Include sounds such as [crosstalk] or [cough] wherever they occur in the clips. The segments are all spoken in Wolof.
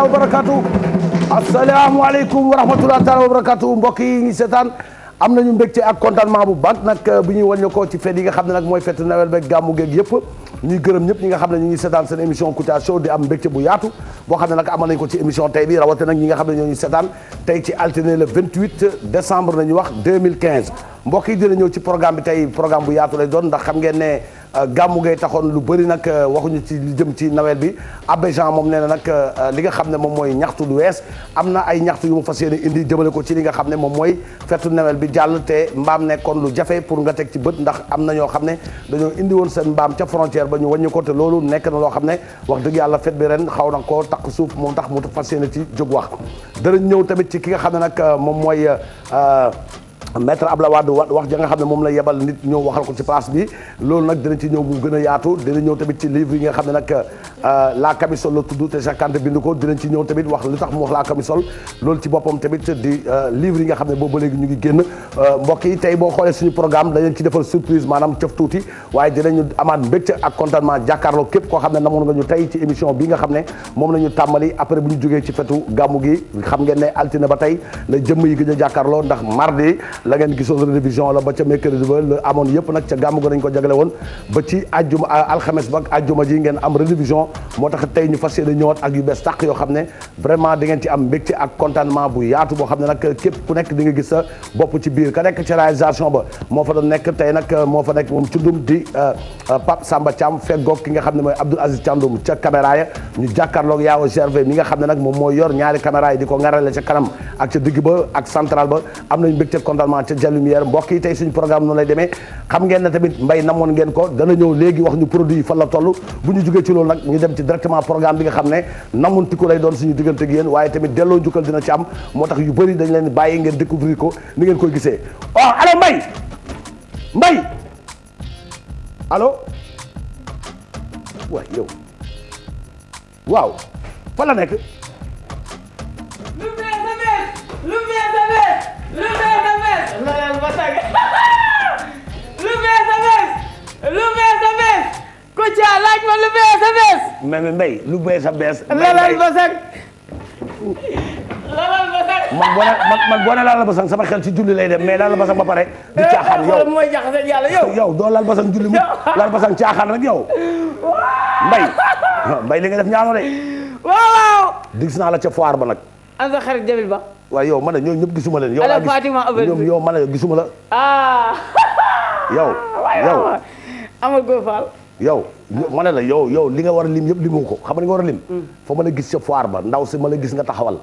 taala wa barakaatu asalaamualeykum wa rahmatulah taala wa barakaatu mbokk yi ñu seetaan am nañu mbégte ak contentement bu bant nag euh, bu ñuy wàññi ko ci fête yi nga xam ne nag mooy fête Noël beeg gàmmu geeg yëpp ñuy gërëm ñëpp ñi nga xam ne ñu ngi seetaan seen émission Kouthia Show di am mbégte bu yaatu boo xam ne nag amal nañ ko ci émission tey bi rawatina nag ñi nga xam ne ñoo ñu seetaan tey ci altine le 28 décembre nañu wax 2015. mbokk yi dina ñëw ci programme bi tey programme bu yaatu lay doon ndax xam ngeen ne euh, gàmmu ngay taxoon lu bari nag euh, waxuñu ci jëm ci nawel bi abbé Jean moom nee na nag euh, li nga xam ne moom mooy ñaxtu wees am na ay ñaxtu yu mu fas yéene indi jëmale ko ci li nga xam ne moom mooy fetu nawel bi jàll te mbaam nekkoon lu jafe pour nga teg ci bët ndax am na ñoo xam ne dañoo indi woon seen mbaam ca frontière ba ñu wàññi ko te loolu nekk na loo xam ne wax dëgg yàlla fet bi ren xaw na ko takk suuf moom tax mu fas yéene ci jóg wax dara ñëw tamit ci ki nga xam ne nag moom mooy maître Abdoulaye Wade wax ja nga xam ne moom la yebal nit ñëw waxal ko ci place bi loolu nag dina ci ñëw mu gën a yaatu dina ñëw tamit ci livre nga xam ne nag euh, la camisole la tudd te Cheikh ko dinañ ci ñëw tamit wax li tax mu wax la camisole loolu ci boppam tamit di euh, livre yi nga xam ne boobu ba léegi ñu ngi génn euh, mbokk yi tey boo xoolee suñu programme dañ leen ci defal surprise maanaam cëf tuuti waaye dinañu amaat mbégte ak contentement jàkkaarloo képp koo xam ne namoon nga ñu tey ci émission bi nga xam ne moom la ñu tàmbali après bu ñu jógee ci fetu gàmmu gi xam ngeen ne altine ba tey la jëmm yi gën a jàkkaarloo ndax mardi la ngeen gisoon révision la ba ca mercredi ba la amoon yëpp nag ca ko jagle woon ba ci ajjuma euh, alxames ba ajjuma ji ngeen am révision moo tax tey ñu fas yéene ñëwaat ak yu bees tàq yoo xam ne vraiment di ngeen ci am mbégte ak contentement bu yaatu boo xam ne nag képp ku nekk di nga gis sa bopp ci biir ka nekk ci réalisation ba moo fa doon nekk tey nag euh, moo fa nekk moom tuddum di euh, Pape Samba Thiam feggoog ki nga xam ne mooy Abdoul Aziz Thiandoum ca caméra ya ñu jàkkaarloog yaaw gervé mi nga xam ne nag moom mooy yor ñaari caméra ko ngarale ca kanam ak ca digg ba ak central ba am nañ mbégte également ca ja yi tey suñu programme noonu lay demee xam ngeen ne tamit mbay namoon ngeen ko dana ñëw léegi wax ñu produit yi fan la toll bu ñu jugee ci loolu nag ñu dem ci directement programme bi nga xam ne namun tiku lay doon suñu diggante ak yéen waaye tamit delloo njukkal dina ci am moo tax yu bëri dañ leen bàyyi ngeen découvrir ko ni ngeen koy gisee oh allo mbay mbay allo waay waaw fa nekk a a bees loolal ba tàgg lu bees a bees lu bees a bees Kouthia laaj ma lu bees a bees. Meme Mbaye lu bees a bees. loolal ba sag loolal laal ba sag sama xel ci julli lay dem mais laal ba sag ba pare. du caaxaan yow loolu mooy jaxase yàlla yow. yow doo laal ba sag mu laal ba sag caaxaan rek yow. Mbaye Mbaye li nga def ñaanoo de. waaw waaw. dig naa la ca foire ba nag. an sa ba. waaye yow ma ne ñooñu ñëpp gisuma leen. yow laa gis ñoom yow ma ne gisuma la. yow yow Amadou la yow yow li nga war a lim yëpp limu ko xam nga li nga war a lim. Mm. fa gis ca foire ba ndaw si ma gis nga taxawal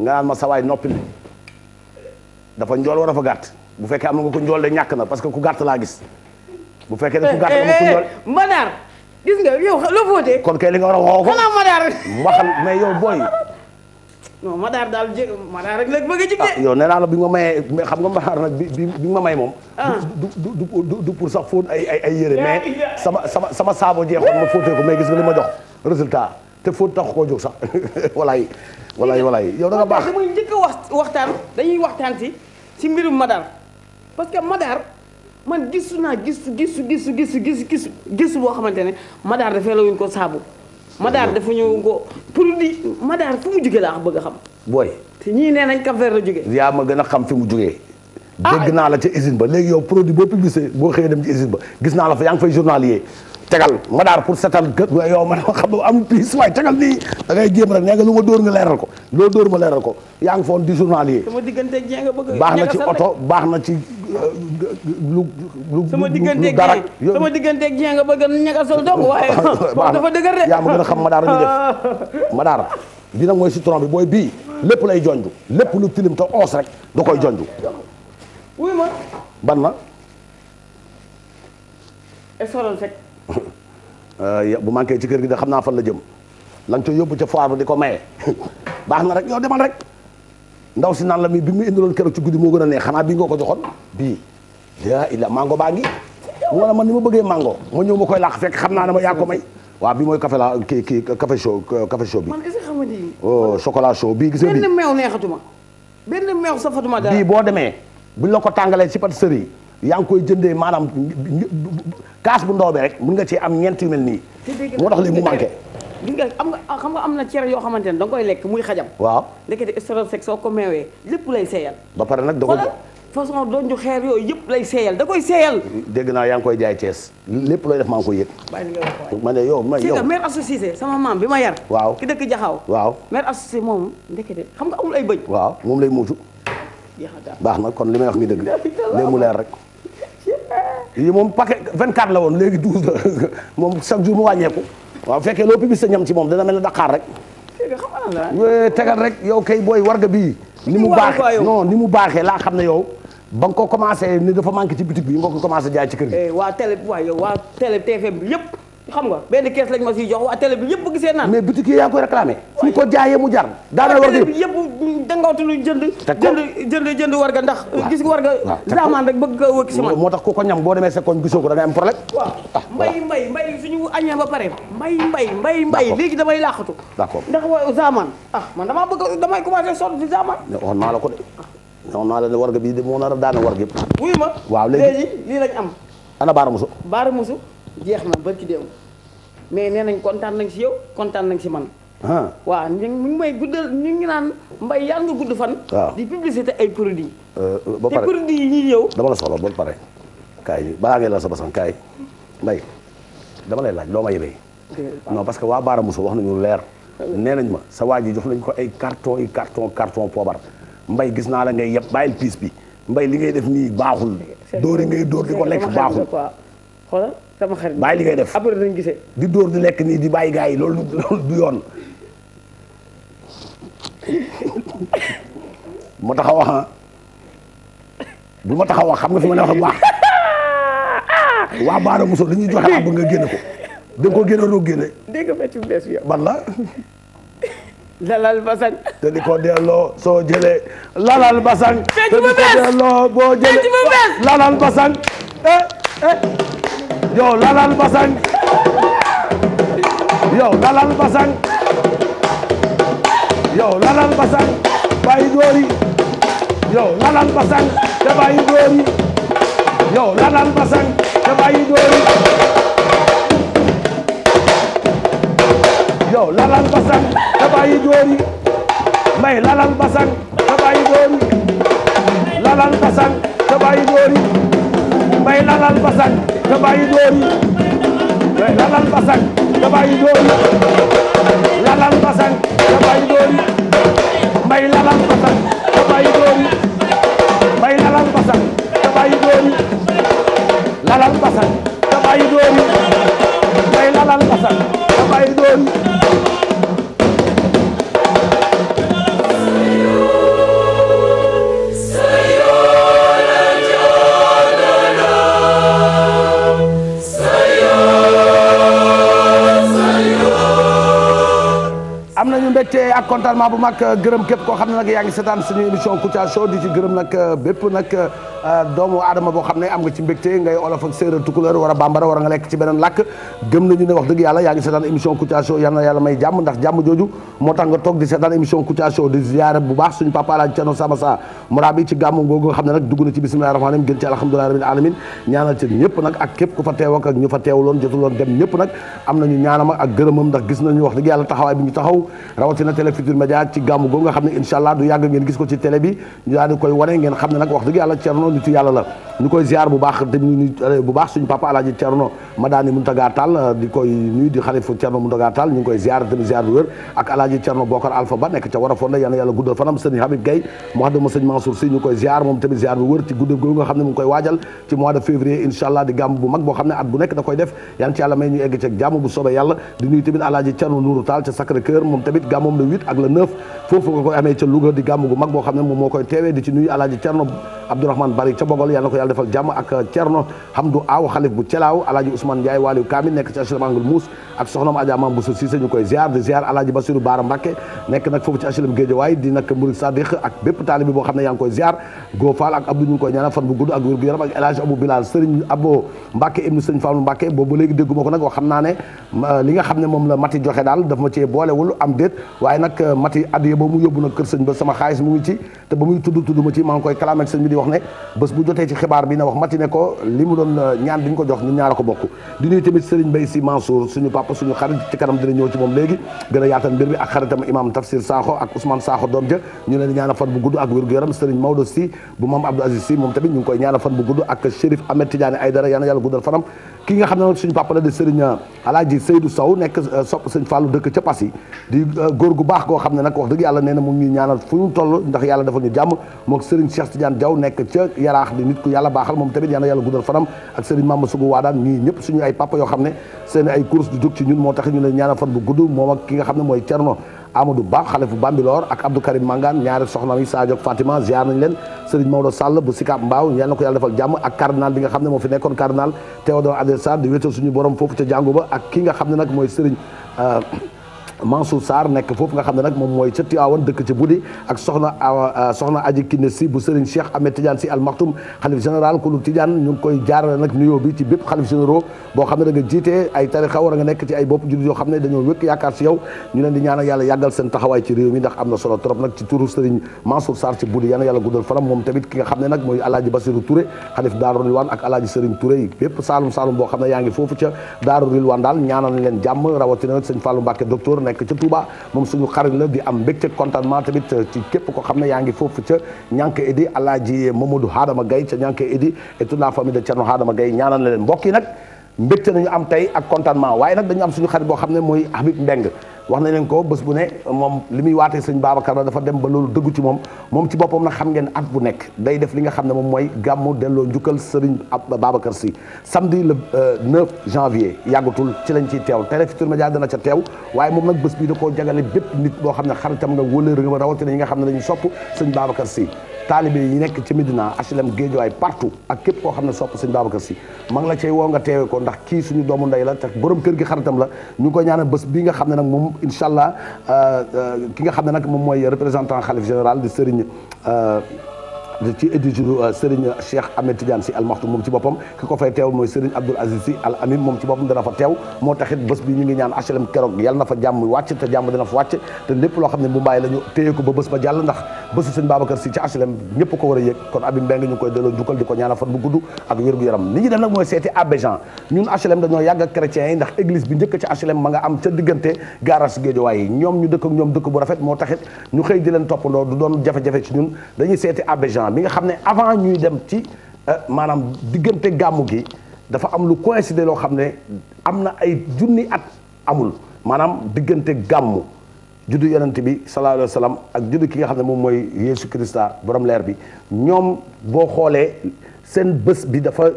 nga naan ma sawaay noppi li dafa njool war a fa gàtt bu fekkee am na nga ko njool de ñàkk na parce que ku gàtt laa gis. bu fekkee ne ku gàtt am na ku eh, eh, eh, gis nga yow la kon kay li nga war a woo ko. xanaa Manaar. ma xam mais yow booy. [laughs] non Madaar daal jé Madaar rek la bëgg a jigéen. Ah, yow nee naa la bi nga ma mayee xam nga Madaar nag bi bi nga ma may moom. Ah. du du pour sax fóot ay ay ay yére mais sama sama sama saabo jeexoon ma fóotee ko mais gis nga li ma jox résultat te fóot tax koo jóg sax [laughs] walaay walaay walaay yow da nga baax. damay njëkk a waxtaan dañuy waxtaan si si mbirum Madaar parce que Madaar man gisu naa gisu gisu gisu gisu gisu gisu boo xamante ne Madaar dafee la wuñ ko saabu. Madaar dafa ñu ngo produit Madaar fu mu jugee laa bëgg a xam. booy te ñii nee nañ Cap Vert la jugee. yaa ma gën a xam fi mu jugee. Ah. dégg naa la ca usine ba léegi yow produit boo publicité boo xëyee dem ci usine ba gis naa la fa yaa ngi fay tegal ma daar pour setal gë yow man xam nga am piis waaye tegal nii da ngay jéem rek nee nga lu ma leeral ko loo dóor ma leeral ko yaa ngi foon di journalier baax na ci oto baax na ci euh, lu lu dara sama digganteeg jénga bëgg ñagasal dong [laughs] waaye dafa dëgër de yaa ma gën a xam ma daar ñu def [laughs] ma daar bi nag mooy citron bi booy bii lépp lay jonju lépp lu tilim to oos rek da koy jonju wuy ma ban na esorol [laughs] Euh, bu manqué ci kër gi de xam naa fan la jëm la nga ca yóbbu ca foire ba di ko maye [laughs] baax na rek yow demal rek ndaw si naan la mi bi mu indiloon keroog ci guddi moo gën a neex xanaa bii ngoo ko joxoon bii yaa illa mango baa ngi mu man ni ma bëggee mango ma ñëw ma koy laax fekk xam naa ne ma yaa may waaw bii mooy café la ki kii café chaud café chaud bi man oh, chocolat chaud bii gis nga bii benn meew neexatuma benn boo demee buñ la ko tàngalee ci pâtisserie yaa ngi koy jëndee maanaam kaas bu ndaw rek mun nga cee am ñeent mel nii. moo tax léegi mu manqué. gis nga xam nga am na cere yoo xamante ne da nga koy lekk muy xajam. waaw ndekete estrol sec soo ko meewee lépp lay seeyal. ba pare nag da ko façon donju xeer yooyu yëpp lay seeyal da koy seeyal. dégg naa yaa ngi koy jaay Cees lépp looy def maa ngi koy yëg. ma ne yow ma yow. mère associé sama maam bi ma yar. waaw ki dëkk Jaxaw. waaw mère associé moom ndekete xam nga amul ay bëñ. waaw moom lay muucu. baax na kon li may wax mi dëgg léegi leer rek. yi moom paquet 24 la woon léegi 12 la [laughs] moom chaque jour mu wàññeeku waaw fekkee loo publicité ñam ci moom dana mel ne Dakar rek. tegal rek yow kay booy war ga bii. ni mu baaxee non ni mu baaxee laa xam ne yow. ba ko commencé ni dafa manqué ci boutique bi nga ko commencé jaay ci kër gi. Eh, waa télé waa yow waa télé TFM bi yëpp. xam nga benn kees lañ ma siy jox waa télé bi yëpp gisee naan mais boutique yi yaa ngi koy réclamé suñ ko jaayee mu jar daanaka war bi yëpp jënd war nga ndax gis nga war nga saamaan rek bëgg ko wëkk si tax ku ko ñam boo demee sa koñ gisoo ko da ngay am problème waaw ah, mbay mbay mbay suñu añee mbay mbay mbay mbay léegi damay laaxatu d'accord ndax wa saamaan ah man damaa bëgg damay commencé sonn si saamaan waxoon naa ko de war nga bii moo a daana war gi yëpp wuyu ma waaw léegi lii lañ am ana baara musu baara musu jeex na ba ci démb mais nee nañ kontaan nañ si yow kontaan nañ si man. Ah. waaw ñu ngi may guddal ñu ngi naan mbay yaa nga gudd fan. di publicité ay produits. Euh, euh, ba pare te produits yi ñuy ñëw. dama la soxla ba pare kaay baa ngay la sa basan kaay mbay dama lay laaj doo ma yebee non parce que waa Baara Moussa wax nañu leer. nee ma sa waa ji jox nañ ko ay carton yi carton carton poobar mbay gis naa la ngay yeb bàyyil piis bi mbay li ngay def nii baaxul. dóor yi ngay dóor di ko sama xarit bàyyi li ngay def après dañ gisee. di dóor di lekk nii di bàyyi gars yi loolu loolu du yoon. ma taxaw wax ah. bu ma taxaw wax xam nga fi ma ne wax bu baax waa Baara Moussa dañuy joxe ab nga génne ko da nga koo génne doo génne. dégg nga métti bu bees yow. ban la. lalal basang. te di ko delloo soo jëlee. lalal basang. te di ko delloo boo jëlee. lalal basang. eh eh. yow lalal basang yow lalal basang yow lalal basang bàyyi góor yi yow lalal basang te bàyyi góor yi yow lalal basang te bàyyi góor yi yow lalal basang te bàyyi góor yi may lalal basang te bàyyi góor yi lalal basang te bàyyi góor yi may lalal basang nga bàyyi door yi lalal basang nga bàyyi door yi lalal basang nga bàyyi door yi mbay lalal basang nga bàyyi door yi mbay lalal basang nga bàyyi door yi lalal basang nga bàyyi door yi kontaan bu mag gërëm képp koo xam ne nag yaa ngi seetaan suñu émission Kouthia Show di ci gërëm nag euh, bépp nag euh, Euh, doomu aadama boo xam ne am nga ci mbégte ngay olof ak séeréer tukulóor war bambara war nga lekk ci beneen làkk gëm ne wax dëgg yàlla yaa ngi seetaan émission Kouthia Show yal may jàmm ndax jàmm jooju moo ci gàmmu googu xam ne nag dugg ci bismillahi rahmani rahim gën ci alhamdulillahi rabbil ak képp ku fa teew ak ñu fa teewuloon jotuloon dem ñëpp nag am nañu ñaanam ak gis ko ci télé bi ñu daal koy wane ngeen xam ne nag wax dëgg yàlla Thierno nitu yàlla la ñu koy ziar bu baax te ñu bu baax suñu papa alaaji Thierno Madani Mountaga Tall di koy nuyu di xalifu Thierno Mountaga Tall ñu ngi koy ziar tamit ziar bu wér ak alaaji Thierno Bokar Alpha Ba nekk ca war a fonde yal na yàlla guddal fanam sëñ Habib Gaye mois de ma sëñ Mansour si ñu koy ziar moom tamit ziar bu wér ci guddi googu nga xam ne mu ngi koy waajal ci mois de février incha allah di gàmm bu mag boo xam ne at bu nekk da koy def yan ci yàlla may ñu egg ci jàmm bu soobee yàlla di nuyu tamit alaaji Thierno Nourou Tall ca Sacré Cœur moom tamit gàmmam le 8 ak le 9 foofu nga koy amee ca Louga di gàmm gu mag boo xam ne moom moo koy teewee di ci nuyu alaaji Thierno Abdourahmane Malick ca Bogol yàlla na ko yàlla defal jàmm Aw xalif bu Thelaaw alaaji Ousmane Ndiaye waaliyu kaamil nekk ci HLM Angle Mousse ak soxnaam Adja Mam Bousso Cissé ñu koy ziar di ziar alaaji Bassirou Bara nekk nag foofu ci HLM Guédiawaye di nag Mourid Sadiq ak bépp taalibi boo xam ne yaa ngi koy ziar Go Fall ak Abdou ñu koy gu yaram ak El Hadj Abou Bilal Serigne boobu léegi dégguma ko nag wax xam naa ne li nga xam ne moom la Mati joxe daal daf ma cee boolewul am déet waaye nag euh, Mati addiye ba mu yóbbu nag sëñ ba sama xaalis mu ngi ci te ba muy tudd ma ci maa ngi koy kalaameeg sëñ wax ne bés bu jotee ci xibaar bi na wax mati ne ko li mu doon euh, ñaan bi ñu ko jox ñun ñaar a ko bokk di nuyu tamit Serigne Mbaye Sy Mansour suñu papa suñu xarit ci kanam dina ñëw ci moom léegi gën a yaatal mbir bi ak xaritam imam Tafsir Sakho ak Ousmane Sakho doom ja ñu leen ñaanal fan bu gudd ak wér-gu-yaram bu maam Abdou Aziz Sy moom tamit ñu ngi koy ñaanal fan bu gudd ak Chérif Ahmed Tidiane Aïdara yàlla na yàlla guddal fanam ki nga xam ne suñu papa la di sëriñ euh, alaaji Seydou Sow nekk euh, sopp sëñ dëkk ca Passy di euh, góor gu baax goo xam ne nag wax dëgg yàlla nee na mu ngi ñaanal fu ñu toll ndax yàlla dafa ñu jàmm mook sëriñ Cheikh Tidiane Diaw nekk ca yaraax di nit ku yàlla baaxal moom tamit yàlla yàlla guddal fanam ak sëriñ Mama Sugu Waadaan ñii ñëpp suñu ay papa yoo xam ne seen ay course du jóg ci ñun moo tax ñu leen ñaanal fan bu gudd moom ak ki nga xam ne mooy Cerno Amadou Ba xale fu Bambilor ak Abdou Karim Mangane ñaari soxna yi Fatima ziar leen Serigne Maodo Sall bu Sicap Mbao ñaan na ko yàlla defal jàmm ak cardinal bi xam ne moo fi nekkoon cardinal Théodore Adrien Sarr di wéetal suñu borom foofu ca jàngu ba ak ki nga xam ne nag mooy Serigne euh, Mansour Sarr nekk foofu nga xam ne nag moom mooy ca Tiwaawan dëkk ci Budi ak soxna euh, soxna Aji Kiné Si bu Serigne Cheikh Ahmed Tidiane Si Al xalif général kulu Tidiane ñu ngi koy jaarale nag nuyoo bi ci bépp xalif généraux boo xam ne da nga jiite ay tarixa war a nga seen taxawaay ci réew mi am na solo trop nag ci turu Serigne Mansour Sarr ci Budi yàlla yàlla guddal faram moom tamit ki xam ne nag mooy Alaaji Basiru Touré xalif Daaru Rilwaan ak Alaaji Serigne Touré nekk ca Touba moom suñu xarit la di am mbégte contentement tamit ci képp ko xam ne yaa ngi foofu ca ñànk idi alaaji Mamadou Hadama Gaye ca ñànk idi et toute la ñaanal na leen mbokk yi nag mbégte nañu am tey ak contentement waaye nag dañu am suñu xarit boo xam ne mooy Habib Mbeng wax nañ leen ko bés bu ne moom li muy waatee sëñ Babacar la dafa dem ba loolu dëggu ci moom moom ci boppam nag xam ngeen at bu nekk day li nga xam ne moom mooy gàmmu delloo njukkal sëriñ Babacar si samedi le 9 euh, janvier yàggatul ci lañ ciy teew Télé Futurs Médias ca teew waaye moom nag bés bi da koo jagale bépp nit boo xam ne xaritam nga wëlër nga rawatina ñi nga xam ne dañuy sopp sëñ Babacar si taalibe yi nekk ci Medina HLM Géejawaay partout ak képp koo xam ne sopp sëñ Babacar Si ma ngi la cay woo nga teewe ko ndax kii doomu ndey la te borom kër gi xaritam la ñu ngi koy ñaanal bés bi nga xam ne nag moom incha allah euh, euh, ki nga xam ne nag moom mooy représentant xalif général di Serigne euh, ci édition euh, Serigne euh, Cheikh si almaxtum moom ci boppam ki ko fay teew mooy Serigne Abdoul Aziz si al moom ci boppam dana fa teew moo taxit bés bi ñu ngi ñaan HLM keroog yàlla na fa jàmm wàcc te jàmm dana fa wàcc te ne bu bàyyi la ñu téye ko ba bés ba jàll ndax bésu sëñ Babacar si ci HLM ñëpp ko war a yëg kon abi mbeng ñu ngi koy delloo njukkal di ko ñaanal fan bu gudd ak wér ñu def nag mooy seeti abbé Jean ñun HLM dañoo yàgg ak chrétiens yi ndax église bi njëkk ci HLM bu rafet moo taxit ñu xëy di leen toppandoo du doon jafe-jafe ci ñun président bi nga xam ne avant ñuy dem ci euh, maanaam diggante gàmmu gi dafa am lu coïncider loo xam ne am na ay junni at amul maanaam diggante gàmmu juddu yonent bi sallallahu alayhi wa ak juddu ki nga xam ne moom mooy Yeesu Krista borom leer bi ñoom boo xoolee seen bés bi dafa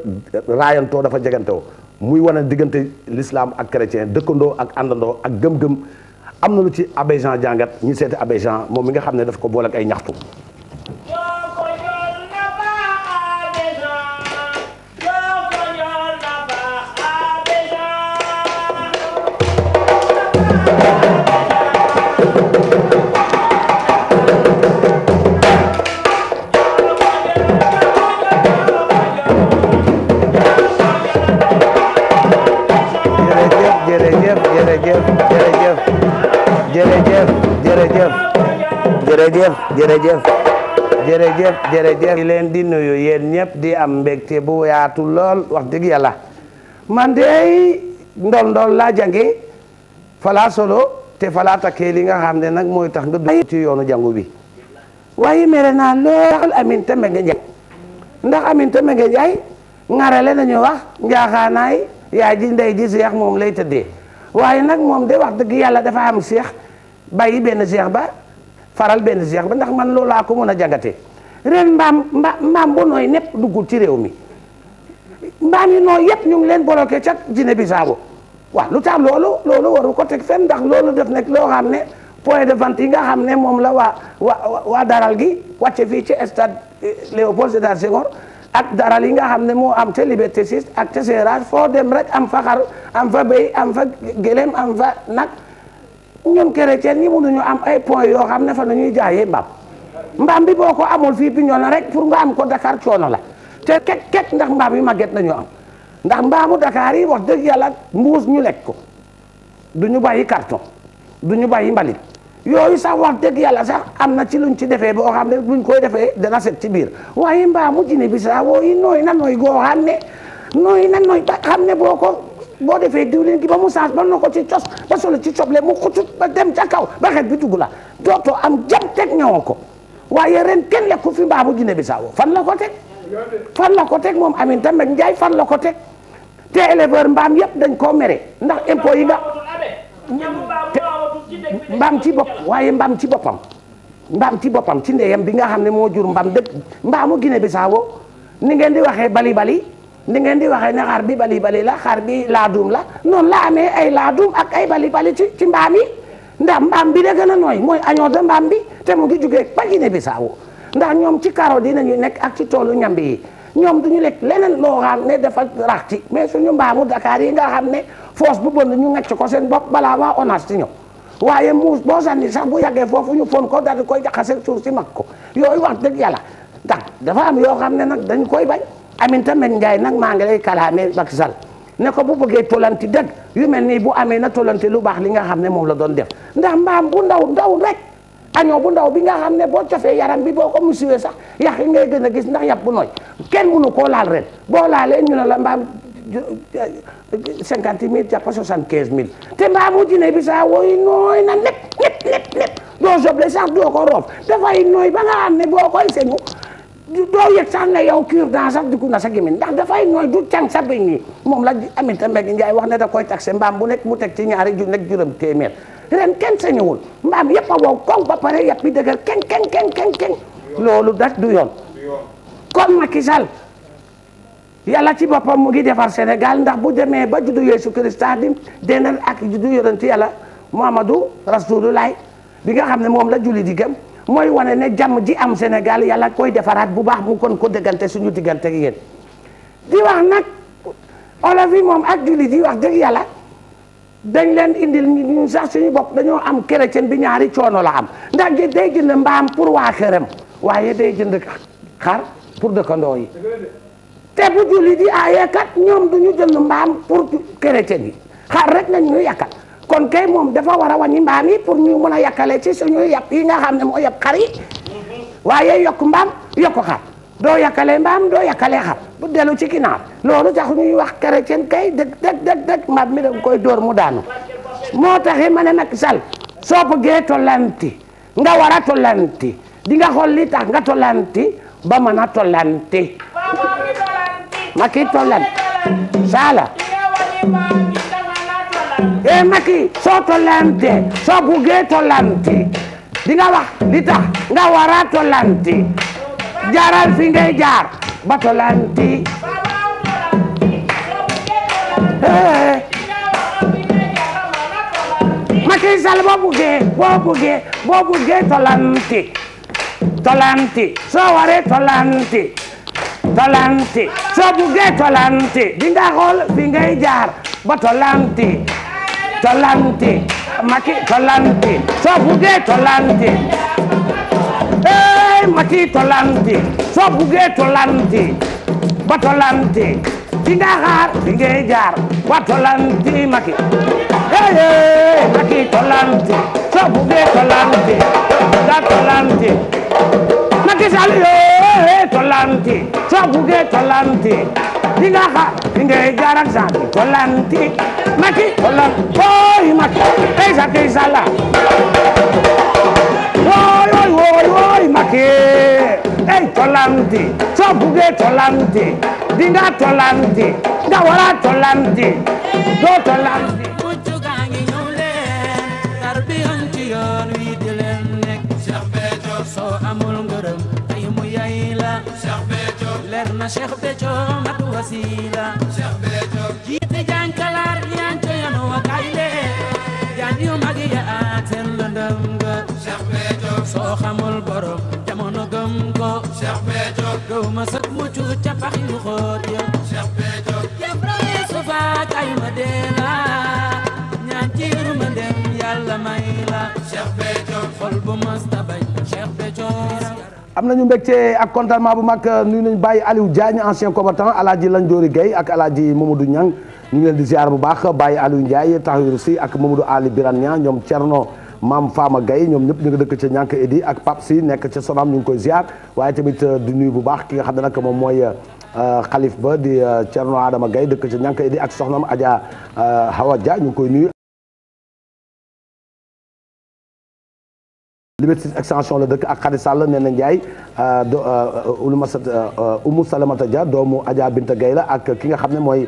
raayantoo dafa jegantewoo muy wane diggante lislaam ak chrétien dëkkandoo ak àndandoo ak gëm-gëm am na lu ci abbé jàngat ñu seeti abbé moom mi nga xam ne daf ko boole ak ay ñaxtu jërëjëf jërëjëf jërëjëf jërëjëf di leen di nuyu yéen ñëpp di am mbégte bu yaatu lool wax dëgg yàlla man de ndol ndol laa jànge falaa solo te falaa takkee li nga xam ne nag mooy tax nga dugg yoonu jàngu bi waaye mere naa lool amin ndax amin te mbenge nañu wax njaaxaanaay yaay ji ndey moom lay tëddee waaye nag moom de wax dëgg yàlla dafa am seex bàyyi benn seex ba faral benn seex ba ndax man loolu laa ko mën a jagate ren mbaam mba mbaam bu nooy nepp duggul ci réew mi mbaam yi nooy yëpp ñu ngi leen bloqué ca Guinée saabo waaw lu taam loolu loolu waru ko teg fenn ndax loolu def nekk loo xam ne point de vente yi nga xam ne moom la waa waa waa daral gi wàcce fii ci stade eh, Léopold Sédar Senghor ak daral yi nga xam ne moo am te Liberté 6 ak te Seras foo dem rek am fa xar am fa béy am fa gëlem am fa nag ñun chrétien ñi mënuñu am ay point yoo xam ne fa ñuy jaayee mbaam mbaam bi boo ko amul fii ñoo na rek pour nga am ko Dakar coono la te kek kek ndax mbaam yi màgget nañu am ndax mbaamu Dakar yi wax dëgg yàlla mbuus ñu lekk ko du ñu bàyyi carton du ñu bàyyi mbalit yooyu sax wax dëgg yàlla sax am na ci luñ ci defee boo xam ne buñ koy defee dana set ci biir waaye mbaamu jine bi sax wooyi nooy na nooy goo xam ne nooy na nooy ba xam ne boo ko boo defee diwlin ki ba mu change mën na ko ci cos ba solo ci soble mu xucut ba dem ca kaw ba xet bi dugg la dootoo am jam teg ñëwoon ko waaye ren kenn lekku fi mbaabu Guinée Bissau fan la ko teg fan la ko teg moom amin tamit Njaay fan la ko teg te éleveur mbaam yëpp dañ koo mere ndax impôt yi nga mbaam ci bopp waaye mbaam ci boppam mbaam ci boppam ci ndeyam bi nga xam ne moo jur mbaam dëkk mbaamu Guinée Bissau ni ngeen di waxee bali bali ni ngeen di waxee ne xar bi bali bali la xar bi laadum la noonu laa amee ay laadum ak ay bali bali ci ci mbaam yi ndax mbaam bi da gën a nooy mooy añoo de bi te mu ngi jugee ne Guinée Bissau ndax ñoom ci karo dinañu nekk ak ci toolu ñambi yi ñoom du ñu lekk leneen loo xam ne dafa rax ci mais suñu mbaamu Dakar yi nga xam ne foos bu bon ñu ngacc ko seen bopp balaa waa ONAS ci ñëw waaye muus boo sànni sax bu yàggee foofu ñu fon ko daal di koy jaxase suuf si mag ko yooy wax dëgg yàlla ndax dafa am yoo xam ne nag dañ koy bañ Aminata Mbengue Ndiaye nag maa ngi lay kalaame Macky Sall ne ko bu bëggee tolanti dëgg yu mel nii bu amee na tolanti lu baax li nga xam ne moom la doon def ndax mbaam bu ndaw ndaw rek añoo bu ndaw bi nga xam ne boo cofee yaram bi boo ko musiwee sax yàq yi ngay gën a gis ndax yàpp bu nooy kenn mënu koo laal ren boo laalee ñu ne la mbaam cinquante mille jàpp soixante quinze mille te mbaamu jine bi saa wooyu nooy na nepp nepp nepp nepp doo soble sax doo ko roof dafay nooy ba nga ne boo doo yëg sax ne yow cure dent sax dugg na sa gémmiñ ndax dafay nooy du càng sa bëñ nii moom la Aminata Mbengue Ndiaye wax ne da koy taxe mbaam bu nekk mu teg ci ñaari junni ak juróom téeméer ren kenn sañuwul mbaam yëpp a wow koŋ ba pare yàpp bi dëgër keng keng keng keng keng loolu da du yoon kon Macky Sall yàlla ci boppam mu ngi defar senegal ndax bu demee ba juddu Yeesu Krista di dendal ak ju juddu yonent yàlla Muhammadu Rasulullah bi nga xam ne moom la julli di gëm mooy wane ne jàmm ji am Sénégal yàlla koy defaraat bu baax mu kon ko dëggante suñu diggante ak yéen di wax nag olof moom ak jullit yi wax dëgg yàlla dañ leen indil ñu sax suñu bopp dañoo am kere chrétien bi ñaari coono la am ndax day jënd mbaam pour waa këram waaye day jënd xar pour dëkkandoo yi te bu jullit yi aayee kat ñoom du ñu jënd mbaam pour chrétien yi xar rek nañ ñu yàkkal kon kay moom dafa war a wàññi mbaam yi pour ñu mën a yàkkale ci suñu yàpp yi nga xam ne moo yàpp xar waaye yokk mbaam yokk xar doo yàkkale mbaam doo yàkkale xar bu dellu ci ginaar loolu tax ñuy wax chrétien kay dëgg dëgg dëgg dëgg mbaam mi dañ koy dóor mu daanu moo taxi ma ne nag sal soo bëggee tollanti nga war a tollanti di nga xool nga tollanti ba mën a tollanti ma kii tollanti saala e Macky soo tollante soo buggee tollante di wax li tax nga war a tollante jaaral fi jaar ba tollante eh. Macky Sall boo buggee buggee boo buggee tollante tollante soo waree tollante tollante soo buggee tollante di xool fi ngay ba tollante tolante Macky tolante soo buggee tolante ey Macky tolante soo ba tolante di nga xaar jaar wa tolante Macky ey Macky tolante soo buggee tolante da tolante Macky Sall yo tolante soo buggee tolante di nga fi ngay jaar ak sax bi kolanti maki kolan booy maki tey sax tey sax la wooy wooy wooy wooy maki tey kolanti soo buggee kolanti dinga kolanti nga wara kolanti doo kolanti soo amul ngërëm ay mu yay leer na Cheikh Béthio matu wasila Cheikh Béthio jiite jànkalaar yaan coyano wa kayle yaan yu mag ya aat seen lëndëm nga Cheikh Béthio soo xamul borom jamono gëm ko Cheikh Béthio doo ma sëg muccu ca pax yu xóot ya Cheikh Béthio yam rawe su faa kay ma dee la ñaan ci yërmandem yàlla may la Cheikh Béthio xol bu masta bañ Cheikh Béthio am na ñu mbégte ak contentement bu mag euh, nuyu nañu bàyyi Aliou Diagne ancien combattant alaaji Lan Joori Gueye ak alaaji Mamadou Niang ñu ngi leen di ziar bu baax bàyyi Aliou Ndiaye Tahirou Sy ak Mamadou Ali Birane Niang ñoom Thierno maam Fama Gaye ñoom ñëpp ñu ngi dëkk ca ñànk Edi ak Pape Sy nekk ca Sonam ñu ngi koy ziar waaye tamit euh, du nuyu bu baax ki nga xam ne nag moom mooy euh, xalif ba di Thierno Adama Gaye dëkk ca ñànk Edi ak soxnam Adja Hawa Dia ñu ngi koy nuyu Liberté extension la dëkk ak Khady Sall nee na Ndiaye euh, euh, Oulimata euh, Oumou Salamata Dia doomu ajaa Binta Gueye la ak ki nga xam ne mooy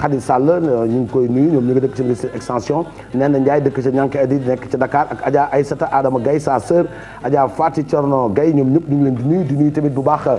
Khady Sall ñu ngi koy nuyu ñoom ñu ngi dëkk ci Liberté extension nee na Ndiaye dëkk ca Nianka Edy nekk ci dakaar ak Adja Aïssata Adama gay sa sœur Adja Fati Thierno gay ñoom ñëpp ñu ngi leen di nuyu di tamit bu baax.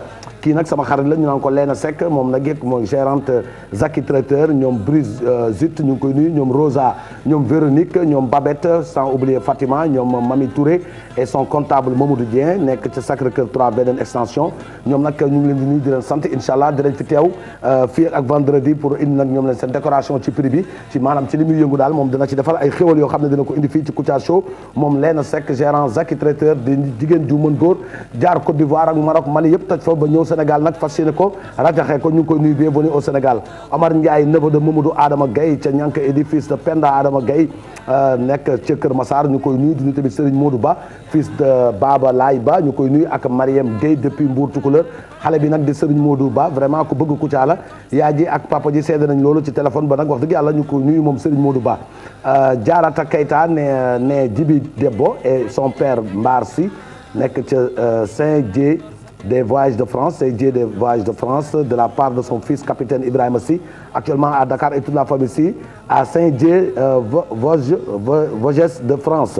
kii nag sama xarit la ñu naan ko Leena Seck moom nag it mooy gérante Zaki traiteur ñoom Brice euh, Zut ñu ngi koy nuyu ñoom Rosa ñoom Véronique ñoom Babette sans oublier Fatima ñoom Mami Touré et son comptable Mamadou Dieng nekk ca Sacré-Cœur 3 beneen extension ñoom nag ñu ngi leen di nuyu di leen sant incha allah dinañ fi teew euh, fii ak vendredi pour indi nag ñoom leen seen décoration ci prix bi ci maanaam ci li muy yëngu daal moom dina ci defal ay xéwal yoo xam ne dina ko indi fii ci Kouthia Show moom Leena Seck gérant Zaki traiteur di jigéen ju mën góor jaar Côte d'Ivoire ak Maroc Mali yëpp taj fa ba ñëw Sénégal nag fas yéene ko rajaxe ko ñu ngi koy nuyu bienvenue au Sénégal Omar Ndiaye neveu de Mamadou Adama Gaye ca ñànk édi fils Adama Gaye euh, nekk ca Kër Massar ñu koy nuyu di nuyu tamit Serigne Modou Ba fils de Baba Laye Ba ñu koy nuyu ak Mariam Gueye depuis Mbour Tukulër xale bi nag di Serigne Modou Ba vraiment ku bëgg Kouthia la yaay ji ak papa ji seede nañ loolu ci téléphone ba nag wax dëgg yàlla ñu koy nuyu moom Serigne Modou Ba euh, Diarata Keita ne ne Djibi Debbo et son père Mbar Sy nekk ca euh, Saint-Dié des voyages de France, Dieu des de France, de la part de son fils, capitaine Ibrahim Si, actuellement à Dakar et toute la famille ici, à euh, de France.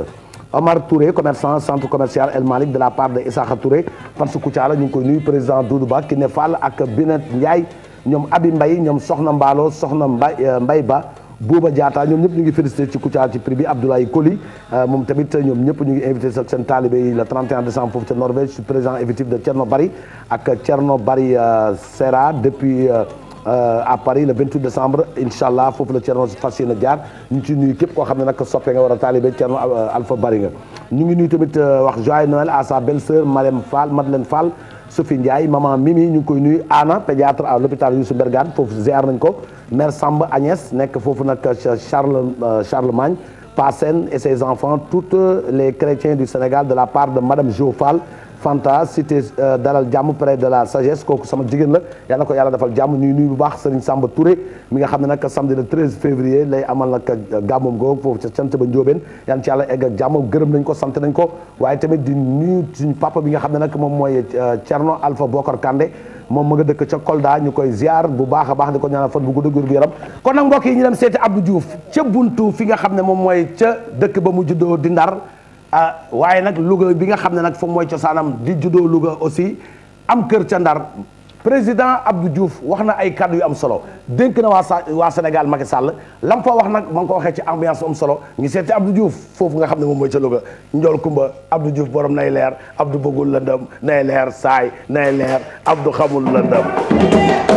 Omar Touré, commerçant, centre commercial El Malik de la part de Issakha Touré, Fansou Koutiala, nous connu président Doudouba, qui n'est pas là, avec Binet Ndiaye, nous Abim Mbaye, nous Sokhna Mbalo, Sokhna euh, Mbaye Ba, Bouba Diatta ñoom ñëpp ñu ngi félicité ci Kouthia ci prix bi Koli euh, moom tamit ñoom ñëpp ñu ngi invité sa seen taalibe yi le 31 décembre foofu ca Norvège président effectif de Thierno Bari ak Thierno Bari euh, Serra depuis euh, à Paris le 28 décembre incha allah foofu la Thierno fas yéene ñu ci nuyu képp koo xam ne nag soppe nga war a taalibe Thierno Alpha Bari nga ñu ngi nuyu tamit wax joyeux Noël à sa belle-sœur Marème Fall Madeleine Fall Sophie Ndiaye maman Mimi ñu ngi koy nuyu Anna pédiatre à l'hôpital Youssou Mbergane foofu ziar nañ ko mère Samba Agnès nekk foofu nag Charles euh, Charlemagne Passen et ses enfants toutes les chrétiens du Sénégal de la part de madame Jo Fanta cité euh, dalal jàmm près de la sagesse kooku sama jigéen la yal na ko yàlla defal jàmm ñuy nuyu bu baax Serigne Samba Touré mi nga xam ne nag samedi le 13 février lay amal nag euh, gàmmoom googu foofu ca sant ba Njóobeen yaan yàlla egg ak jàmm gërëm nañ ko sant nañ ko waaye tamit di nuyu suñu papa bi nga xam ne nag moom mooy euh, Thierno Alpha Bokar kande moom ma nga dëkk ca Kolda ñu koy ziar bu baax a baax di ko ñaanal fan bu gudd gur bu yaram kon nag mbokk yi ñu dem seeti Abdou Diouf ca buntu fi nga xam ne moom mooy ca dëkk ba mu juddoo di Ah, waaye nag Louga bi nga xam ne nag fa mooy cosaanam di juddoo Louga aussi am kër ca Ndar président Abdou Diouf wax na ay kàddu yu am solo dénk na waa sa waa Sénégal Macky Sall lam fa wax nag ma ngi ko waxee ci ambiance am solo ngi seeti Abdou Diouf foofu nga xam ne moom mooy ca Louga njool kumba Abdou Diouf borom nay leer Abdou bëggul lëndëm nay leer saay nay leer Abdou xamul lëndëm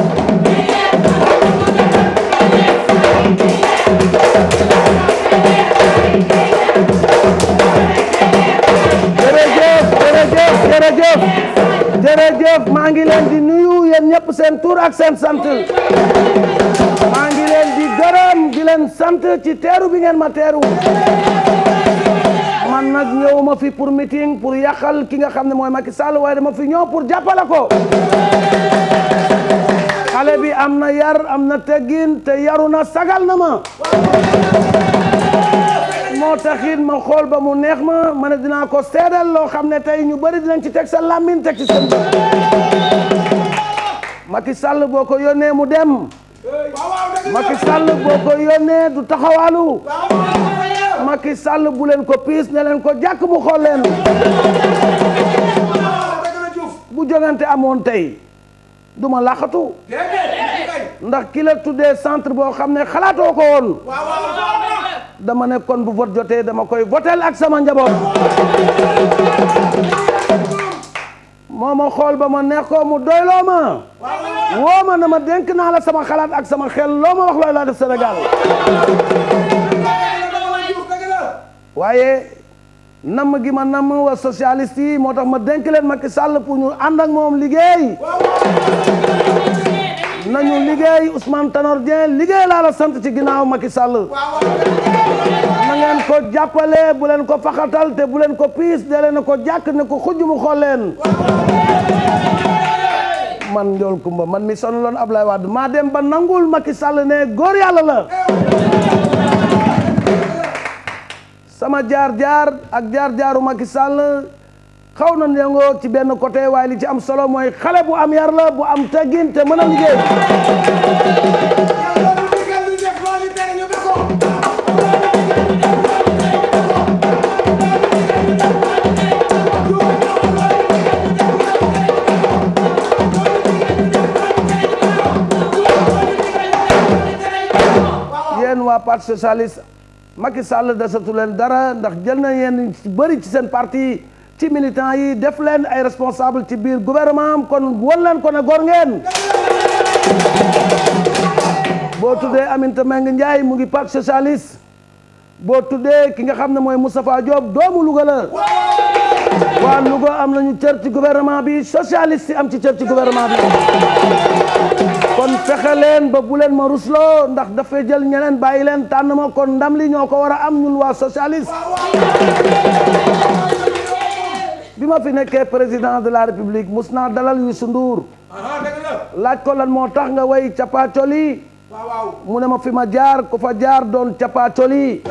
jërëjëf maa ngi leen di nuyu yéen ñëpp seen tur ak seen sant maa ngi leen di gërëm di leen sant ci teeru bi ngeen ma teeru ma nag ma fi pour meeting pour yàqal ki nga xam ne mooy Macky Sall waaye dama fi ñëw pour jàppale ko xale bi am na yar am na teggin te yaru na sagal na ma moo taxit ma xool ba mu neex ma ma ne dinaa ko seedal loo xam ne tey ñu bari dinañ ci teg sa làmmiñ teg ci seen bët Macky Sall boo ko yónnee mu dem Macky Sall boo ko yónnee du taxawaalu Macky Sall bu leen ko piis ne leen ko jàkk mu xool leen bu jogante amoon tey du ma làqatu ndax ki la tuddee centre boo xam ne xalaatoo ko woon dama nekkoon bu vote jotee dama koy votel ak sama njaboot moo ma xool ba ma nekkoo mu doyloo ma woo ma na ma denk naa la sama xalaat ak sama xel loo ma wax loolu laa def Sénégal waaye namm gi ma namm wa socialiste yi moo tax ma denk leen Macky Sall pour ñu ànd ak moom liggéey nañu liggéey Ousmane Tanor liggéey laa la sant ci ginnaaw Macky Sall na ko jàppale bu leen ko faxatal te bu leen ko piis dee leen ko jàkk ne ko xujj mu xool man njool kumba man mi sonaloon Ablaye Wade maa dem ba nangul Macky Sall ne góor yàlla la sama jaar jaar ak jaar jaaru Macky Sall xaw na ci benn côté waaye li ci am solo mooy xale bu am yar la bu am teggin te mën a liggéey yéen waa parti socialiste Macky Sall desatu leen dara ndax jël na yéen ci bëri ci seen parti ci militant yi def leen ay responsable ci biir gouvernement am kon won leen ko ne gor ngeen boo tuddee Aminata Mbengue Ndiaye mu ngi parti socialiste boo tuddee ki nga xam ne mooy Moustapha Diop doomu Louga la waa Louga am nañu cër ci gouvernement bi socialiste yi am ci cër ci gouvernement bi kon fexe leen ba bu leen ma rusloo ndax dafay jël ñeneen bàyyi leen tànn ma kon ndam li ñoo ko war a am ñun waa socialiste bi ma fi nekkee président de la république mus naa dalal Youssou Ndour laaj ko lan moo tax nga way capacoli mu ne ma fi ma jaar ko fa jaar doon capacoli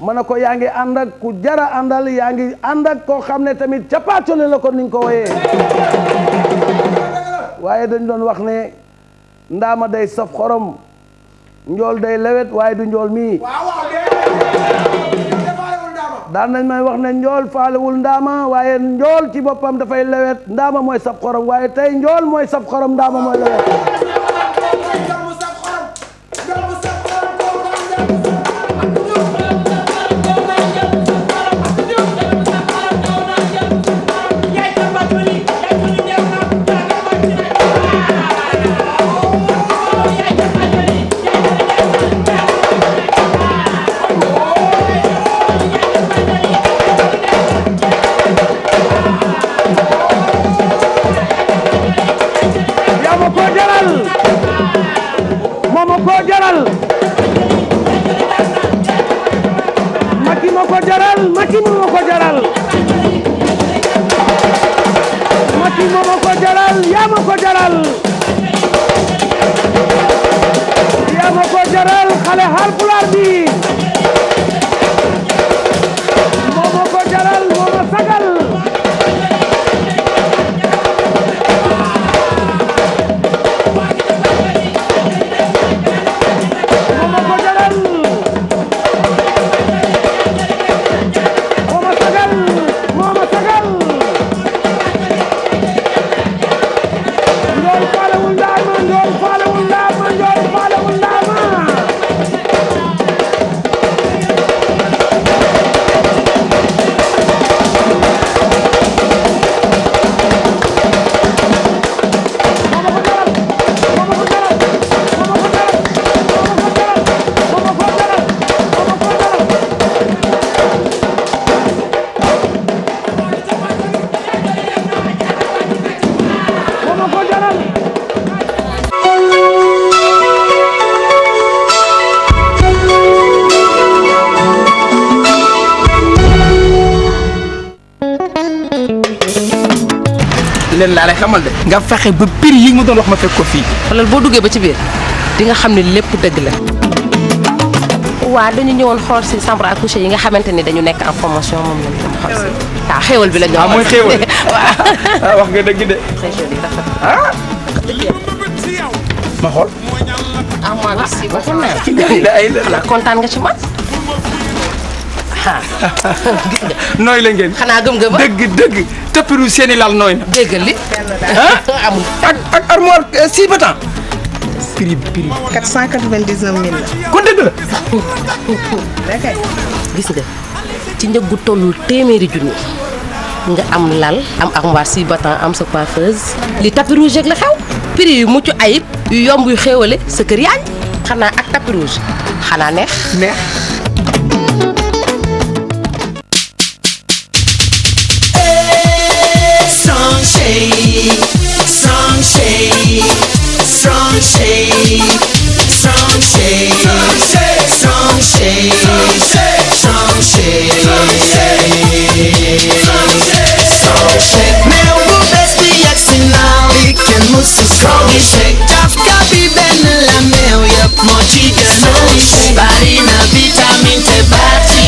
ma ne ko yaa ngi ànd ku jara àndal yaa ngi ànd ak koo xam ne tamit capacoli la ko niñ ko woyee waaye dañ doon wax ne ndaama day saf xorom njool day lewet waaye du njool mi daan nañ may wax ne njool faalewul ndaama waaye njool ci boppam dafay lewet ndaama mooy sab xorom waaye tey njool mooy sab xorom ndaama mooy lewet nga fexe ba prix yi ma doon wax ma fekk ko fii. wala boo duggee ba ci biir di nga xam ne lépp dëgg la. waaw dañu ñëwoon xool si chambre à coucher yi nga xamante ni dañu nekk en promotion moom lañu doon xool si. waaw xéwal bi la ñu ah, wax. waaw mooy xéwal [laughs] waaw ah, wax nga ah. ma xool. ah maa ngi si la. kontaan nga ci man. gis [laughs] nga. nooy la ngeen. xanaa gëm gëm dëgg dëgg. tëppiru seeni lal nooy na. dégg li [laughs] amul ak ak armoire euh, six battant. la. kon dëgg la. gis nga ci njëg gu tollul téeméeri junni nga am lal am armoire six battant am sa coiffeuse. li tapis rouge rek la xew. prix yu mucc ayib yu yomb yu xéewale sa kër yaa xanaa ak tapis rouge xanaa neex. shake, strong shake, strong shake, strong shake, strong shake, strong shake, strong shake. Now bu bez reaksiyonlarken mutsuz strong shake. Cafka biberle lamel yapma çiğden. Strong shake. Barina vitamin tebati.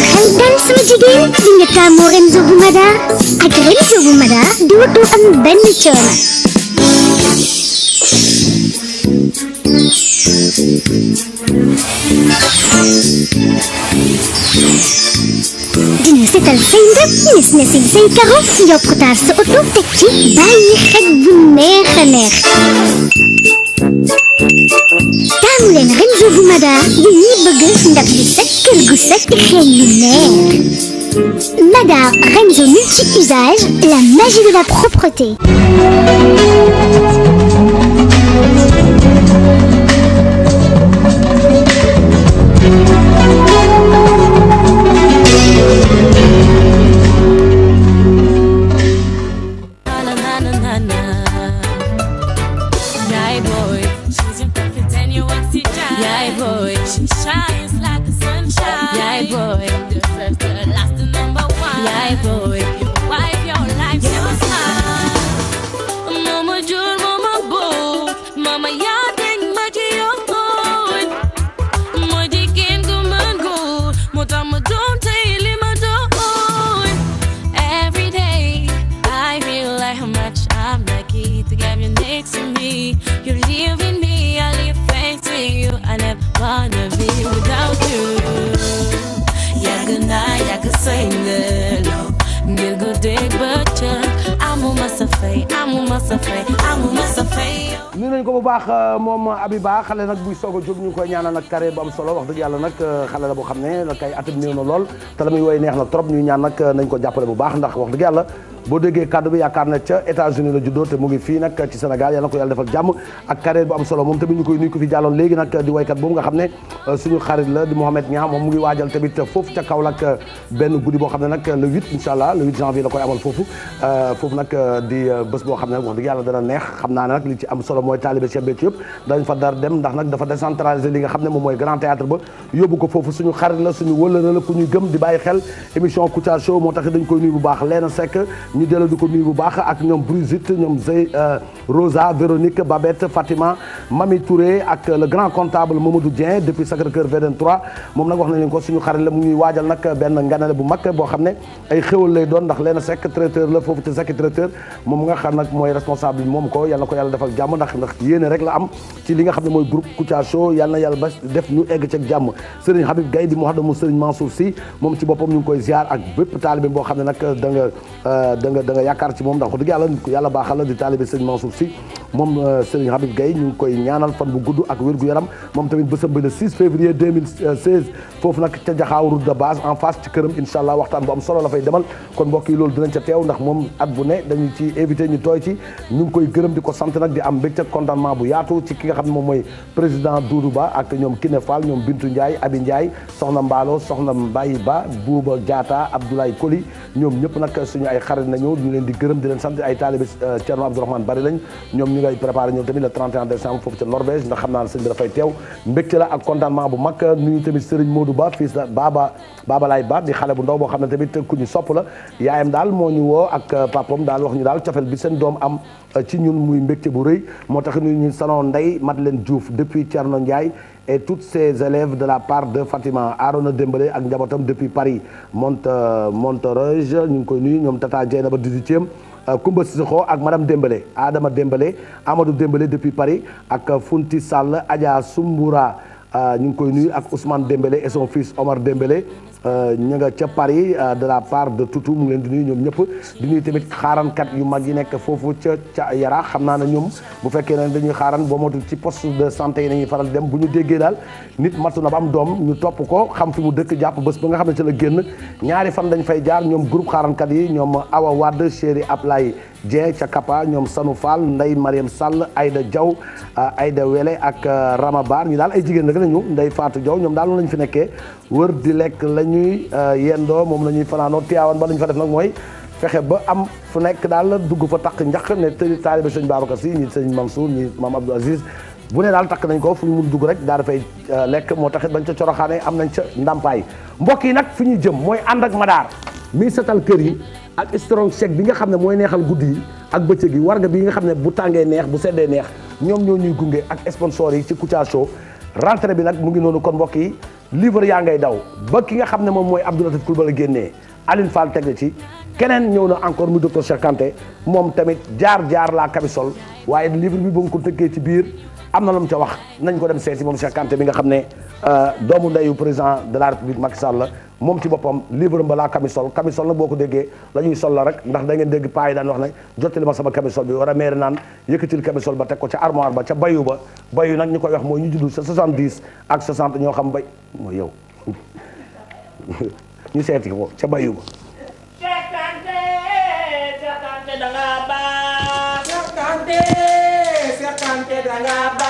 xeltam sama jigéen di nga taamu ren Zobu Mada ak ren Zobu Mada dootoo benn coono. dina setal say ndab nes na say karo yokk taar sa oto ci bàyyi xet bu neex a neex taamu leen Renzo bu Mada yéen ñi bëgg ndab li set kër gu set xeeñ lu neex Mada Renzo multi usage la magie la propreté Touba xale nag buy soog a jóg ñu ngi koy ñaanal nag carré bu am solo wax dëgg yàlla nag euh, xale la boo xam ne nag ay atam néew na lool te la muy woy neex na trop ñuy ñaan nag euh, nañ ko jàppale bu baax ndax wax dëgg yàlla boo déggee kàddu bi yaakaar na ca États-Unis la juddoo te mu ngi fii nag ci Sénégal yal na ko yàlla defal jàmm ak carrière bu am solo moom tamit ñu koy nuyu ko fi jàlloon léegi nag di waykat boobu nga xam ne euh, suñu xarit la di Mohamed Niang moom mu ngi euh, xam ne nag le 8 incha allah le janvier la koy amal foofu euh, foofu nag di bés boo xam ne nag wax dëgg yàlla dana neex xam naa ne nag li ci am solo mooy taalibe Cheikh Béthio yëpp dañ fa dar dem ndax nag dafa décentraliser li nga xam ne moom mooy grand théâtre ba ko foofu suñu xarit la suñu wëlëra la di bàyyi xel émission Kouthia Show moo tax dañ koy nuyu baax Léna Seck ñu delloo di ko nuyu bu baax ak ñoom Brigitte ñoom Zey euh, Rosa Véronique Babette Fatima Mami Touré ak le grand comptable Mamadou Dieng depuis Sacré-Cœur VDN 3 moom nag wax nañu ko suñu xarit la mu ngi waajal nag benn nganale bu mag boo xam ne ay xéwal lay doon ndax leen sekk traiteur la foofu ci sekk traiteur moom nga xam nag mooy responsable moom ko yàlla na ko yàlla defal jàmm ndax ndax yéene rek la am ci li nga xam ne mooy groupe Kouthia Show yàlla na yàlla ba def ñu egg ci ak jàmm Serigne Habib Gaye di mu wax da mu Serigne Mansour Sy moom ci boppam ñu ngi koy ziar ak bépp taalibe boo xam ne nag da nga euh, da nga da nga yaakaar ci moom ndax wax dëgg di taalibe sëñ si moom euh, sëñ Habib Gaye ñu koy ñaanal fan bu gudd ak wér gu moom tamit bésam bi le 6 février 2016 foofu nag ca jaxaaw route de base en face ci këram waxtaan bu am solo la fay demal kon mbokk yi loolu dinañ ca teew moom at bu ne ñu tooy ci ngi koy gërëm di ko sant nag di am mbégte contentement bu yaatu ci ki nga xam ne moom mooy président Doudou Ba ak ñoom Kiné Fall ñoom Bintu Ndiaye Abi Ndiaye soxna Mbaalo soxna Mbaye Ba Bouba Diatta Abdoulaye Koli ñoom ñëpp nag suñu ay xarit nañu ñu leen di gërëm di leen sant ay taalibe euh, Thierno Abdourahmane bari lañ ñoom ñu ngay préparé ñoom tamit le 31 décembre foofu ca Norvège ndax xam naa ne sëñ bi dafay teew mbégte la ak contentement bu mag nuyu tamit Serigne Modou Ba fils la Baba Baba Laye Ba di xale bu ndaw boo xam ne tamit ku ñu sopp la yaayam daal moo ñu woo ak euh, papam daal wax ñu daal cofel bi seen doom am euh, ci ñun muy mbégte bu rëy moo tax ñu salon Ndeye Madeleine Diouf depuis Thierno Ndiaye et toutes ses élèves de la part de Fatima Arona Dembélé ak njabootam depuis Paris Mont Montreuil ñu ngi koy nuyu ñoom Tata Dieng ba 18e Koumba Sissoko ak madame Dembélé Adama Dembélé Amadou Dembélé depuis Paris ak Funti Sall Adja Sumbura euh, ñu ngi koy nuyu ak Ousmane Dembélé et son fils Omar Dembélé Euh, ña nga ca Paris euh, de la part de Toutou mu ngi leen di nuyu ñoom ñëpp di tamit xaarankat yu mag yi nekk foofu ca ca Yara xam naa ne ñoom bu fekkee ne dañuy xaaran boo motul ci poste de santé yi nañuy faral dem bu ñu déggee daal nit matu na ba am doom ñu topp ko xam fi mu dëkk jàpp bës ba nga xam ne ca la génn ñaari fan dañ fay jaar ñoom groupe xaarankat yi ñoom Awa Wade Chéri Ablaye Dieng ca Kappa ñoom Sanu Fall nday Mariam Sall Aïda Diaw euh, Aïda Wele ak Rama Bar ñu daal ay jigéen rek la ñu Ndeye Fatou Diaw ñoom daal lañ fi nekkee wër di lekk la ñuy euh, yendoo moom la ñuy fanaanoo tiyaawan ba la fa def nag mooy fexe ba am fu nekk daal dugg fa takk njaq ne tëri taalibe sëñ Babacar Si ñi sëñ Mansour ñi maam Abdou Aziz bu ne daal takk nañ ko fu ñu mun dugg rek daa dafay euh, lekk moo taxit bañ ca coroxaane am nañ ca ndàmpaay mbokk yi nag fi ñuy jëm mooy ànd ak madaar mi setal kër yi ak strong check bi nga xam ne mooy neexal guddi yi ak bëccëg yi nga bi nga xam ne bu tàngee neex bu seddee neex ñoom ñoo ñuy gunge ak sponsor yi ci Kouthia Show bi nag mu ngi noonu kon mbokk yi livre yaa ngay daw ba ki nga xam ne moom mooy Abdou Latif Coulibaly génnee Aline Fall teg na ci keneen ñëw na encore mu docteur Cheikh Kanté moom tamit jaar jaar laa kabisol waaye livre bi ba nga ko tëkkee ci biir am na lu mu ca wax nañ ko dem seeti moom Cheikh Kanté bi nga xam ne Euh, doomu ndeyu président de la république Macky Sall la moom ci boppam libre mba laa camisole camisole nag boo ko déggee la ñuy sol rek ndax da ngeen dégg paa yi daan wax ne jottali ma sama camisole bi war a maire naan yëkkatil camisole ba teg ko ca armoire ba ca bayu ba bayu nag ñu koy wax mooy ñu judd sa 70 ak 60 ñoo xam bay mooy yow [laughs] ñu seeti ko ca bayu ba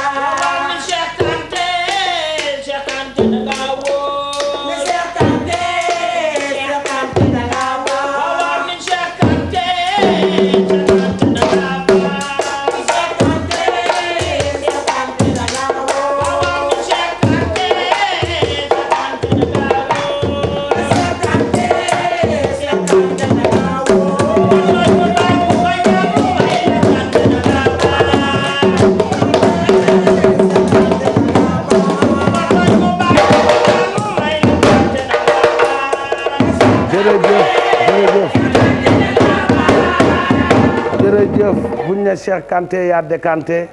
ne Cheikh Kanté yaa décanté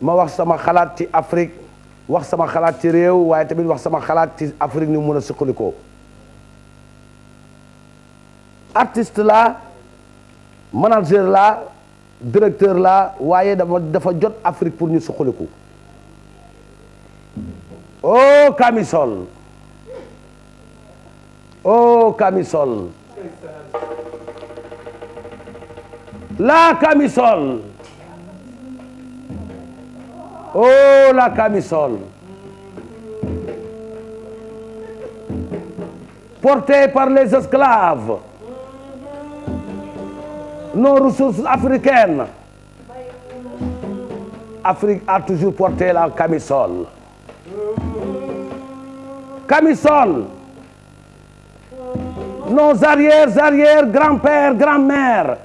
ma wax sama xalaat ci Afrique wax sama xalaat ci réew waaye wax sama xalaat ci Afrique ni mu mën a suqalikoo artiste la manager la directeur la waaye dafa dafa jot Afrique pour ñu suqaliku oh camisole oh, La camisole. Oh, la camisole. Portée par les esclaves, nos ressources africaines. a toujours porté la camisole. Camisole. Nos arrières-arrières, grands-pères, grands-mères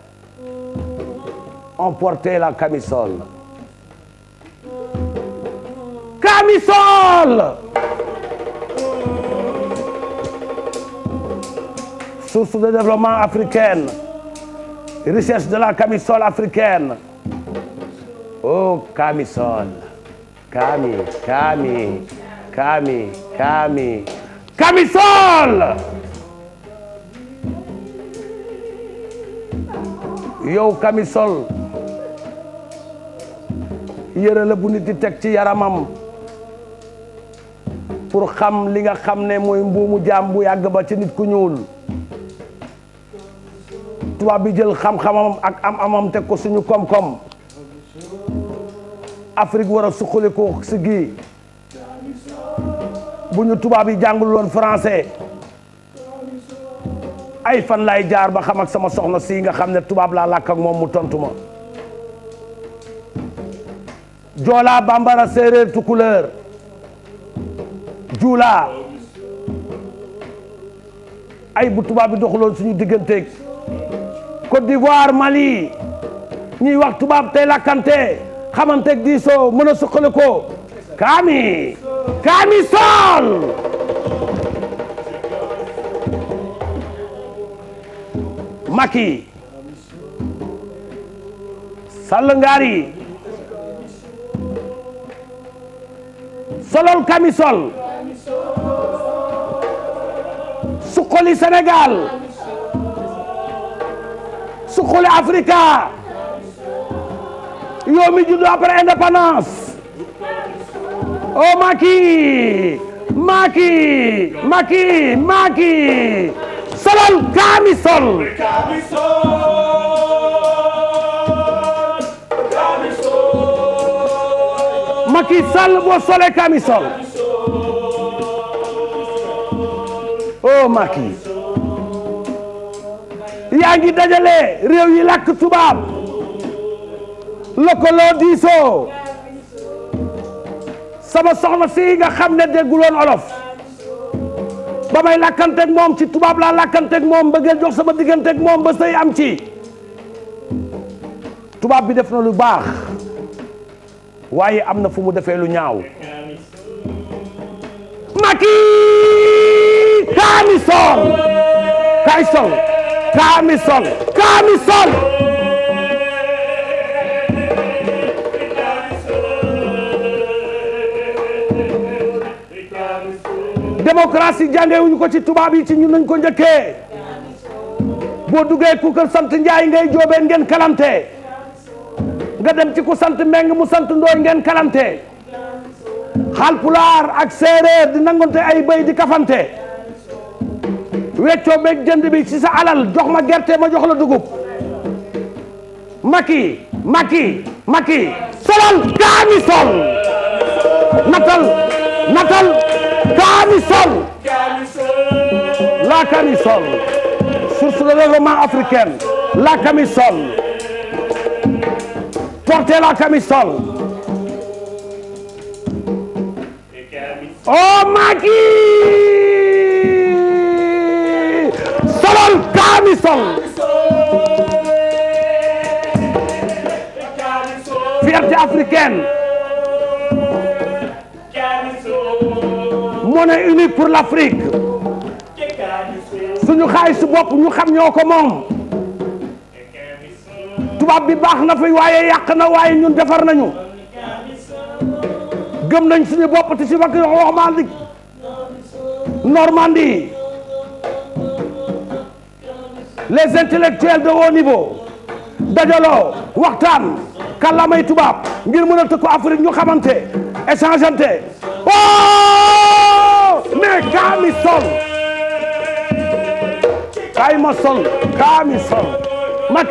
on portait la camisole. Camisole! Source de développement africaine, richesse de la camisole africaine. Oh, camisole. Cami, cami, cami, cami. Camisole! Yow camisole. yëre la bu nit di teg ci yaramam pour xam li nga xam ne mooy mbuumu jaam bu yàgg ba ci nit ku ñuul tubaab bi jël xam-xamam ak am-amam teg ko suñu koom-koom Afrique war a suqaliku si gii bu ñu tubaab yi jàngul woon français ay fan laay jaar ba xam ak sama soxna si nga xam ne tubaab laa làkk ak moom mu tontu ma. joolaa bambara séeréer tukuleur juulaa ay bu tubaab bi doxuloon suñu digganteeg Côte d'Ivoire Mali ñuy wax tubaab tey lakkante xamanteeg diisoo mën a suqale ko kaami kaami sol Macky Sall solol camisole suqali Sénégal suqali Africa yow mi judd après indépendance oh Macky Macky Macky Macky solol camisole Macky Sall boo solee camisole oh Macky yaa ngi dajale réew yi làkk tubaab lëkkaloo diisoo sama soxna si nga xam ne dégguloon olof ba may làkkanteeg moom ci tubaab laa làkkanteeg moom ba ngeen jox sama digganteeg moom ba sëy am ci tubaab bi def na lu baax waaye am na fu mu defee lu ñaaw Macky kaami sol kay sol kaami sol ko ci tubaab yi ci ñun nañ ko njëkkee boo duggee ku sant Njaay ngay joobeen ngeen kalamte nga dem ci ku sant Meng mu sant Ndooy ngeen kalante xalpulaar ak séeréer di nangonte ay béy di kafante weccoo beeg jënd bi ci sa alal jox ma gerte ma jox la dugub Macky Macky Macky solal natal natal la kaami sol de développement africain la kaami porter la camisole. oh Macky solol camisole. fierté africaine. monnaie unique pour l'Afrique. suñu xaalis bopp ñu xam ñoo ko moom. tubaab bi baax na fi waaye yàq waaye ñun defar nañu gëm nañ suñu bopp te si wax waxmaandi Normandie les intellectuels de haut niveau dajaloo waxtaan kàllaamay tubaab ngir mën a tëkku Afrique ñu xamante échangeante oh mais sol kaay sol kaa sol ma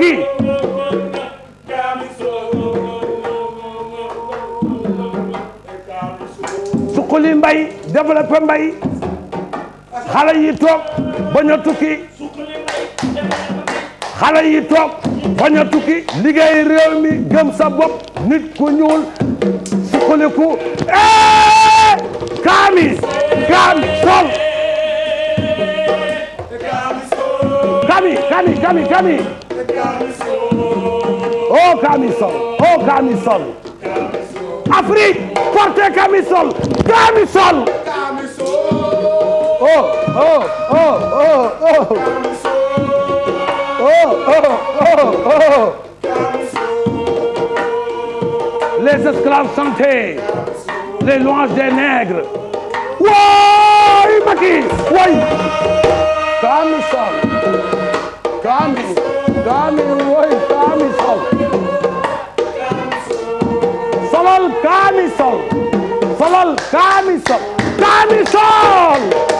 suqali mbay développé yi toog bañ eh! kaami sol kaami kaami oh, sol oh kaami sol Afrique porter camisole camisole. oh oh oh oh oh. oh oh oh, oh. les esclaves chantaient les louanges des nègres. wooy Macky wooy. camisole. camisole. camisole wooy camisole. camisol, camisol, camisol.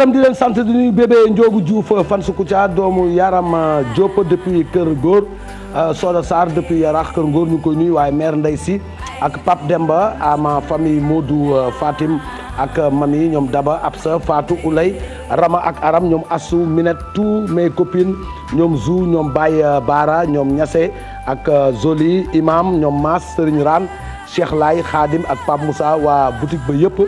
gërëm di leen sant di nuyu bébé Ndiobu Diouf fan doomu Yaram euh, Diop depuis Kër Góor euh, Soda Sarr depuis Yaraax Kër Góor ñu koy nuyu waaye mère Ndey Si ak Pape Demba ama famille Modou euh, Fatim ak mami ñoom Daba Absa Fatou Oulay Rama ak Aram ñoom Assou Minette tous mes copines ñoom Zou ñoom Baye Baara ñoom Ñase ak Zoli Imam ñoom Maas Serigne Rane Cheikh Laay Xaadim ak Pape Moussa waa boutique ba yëpp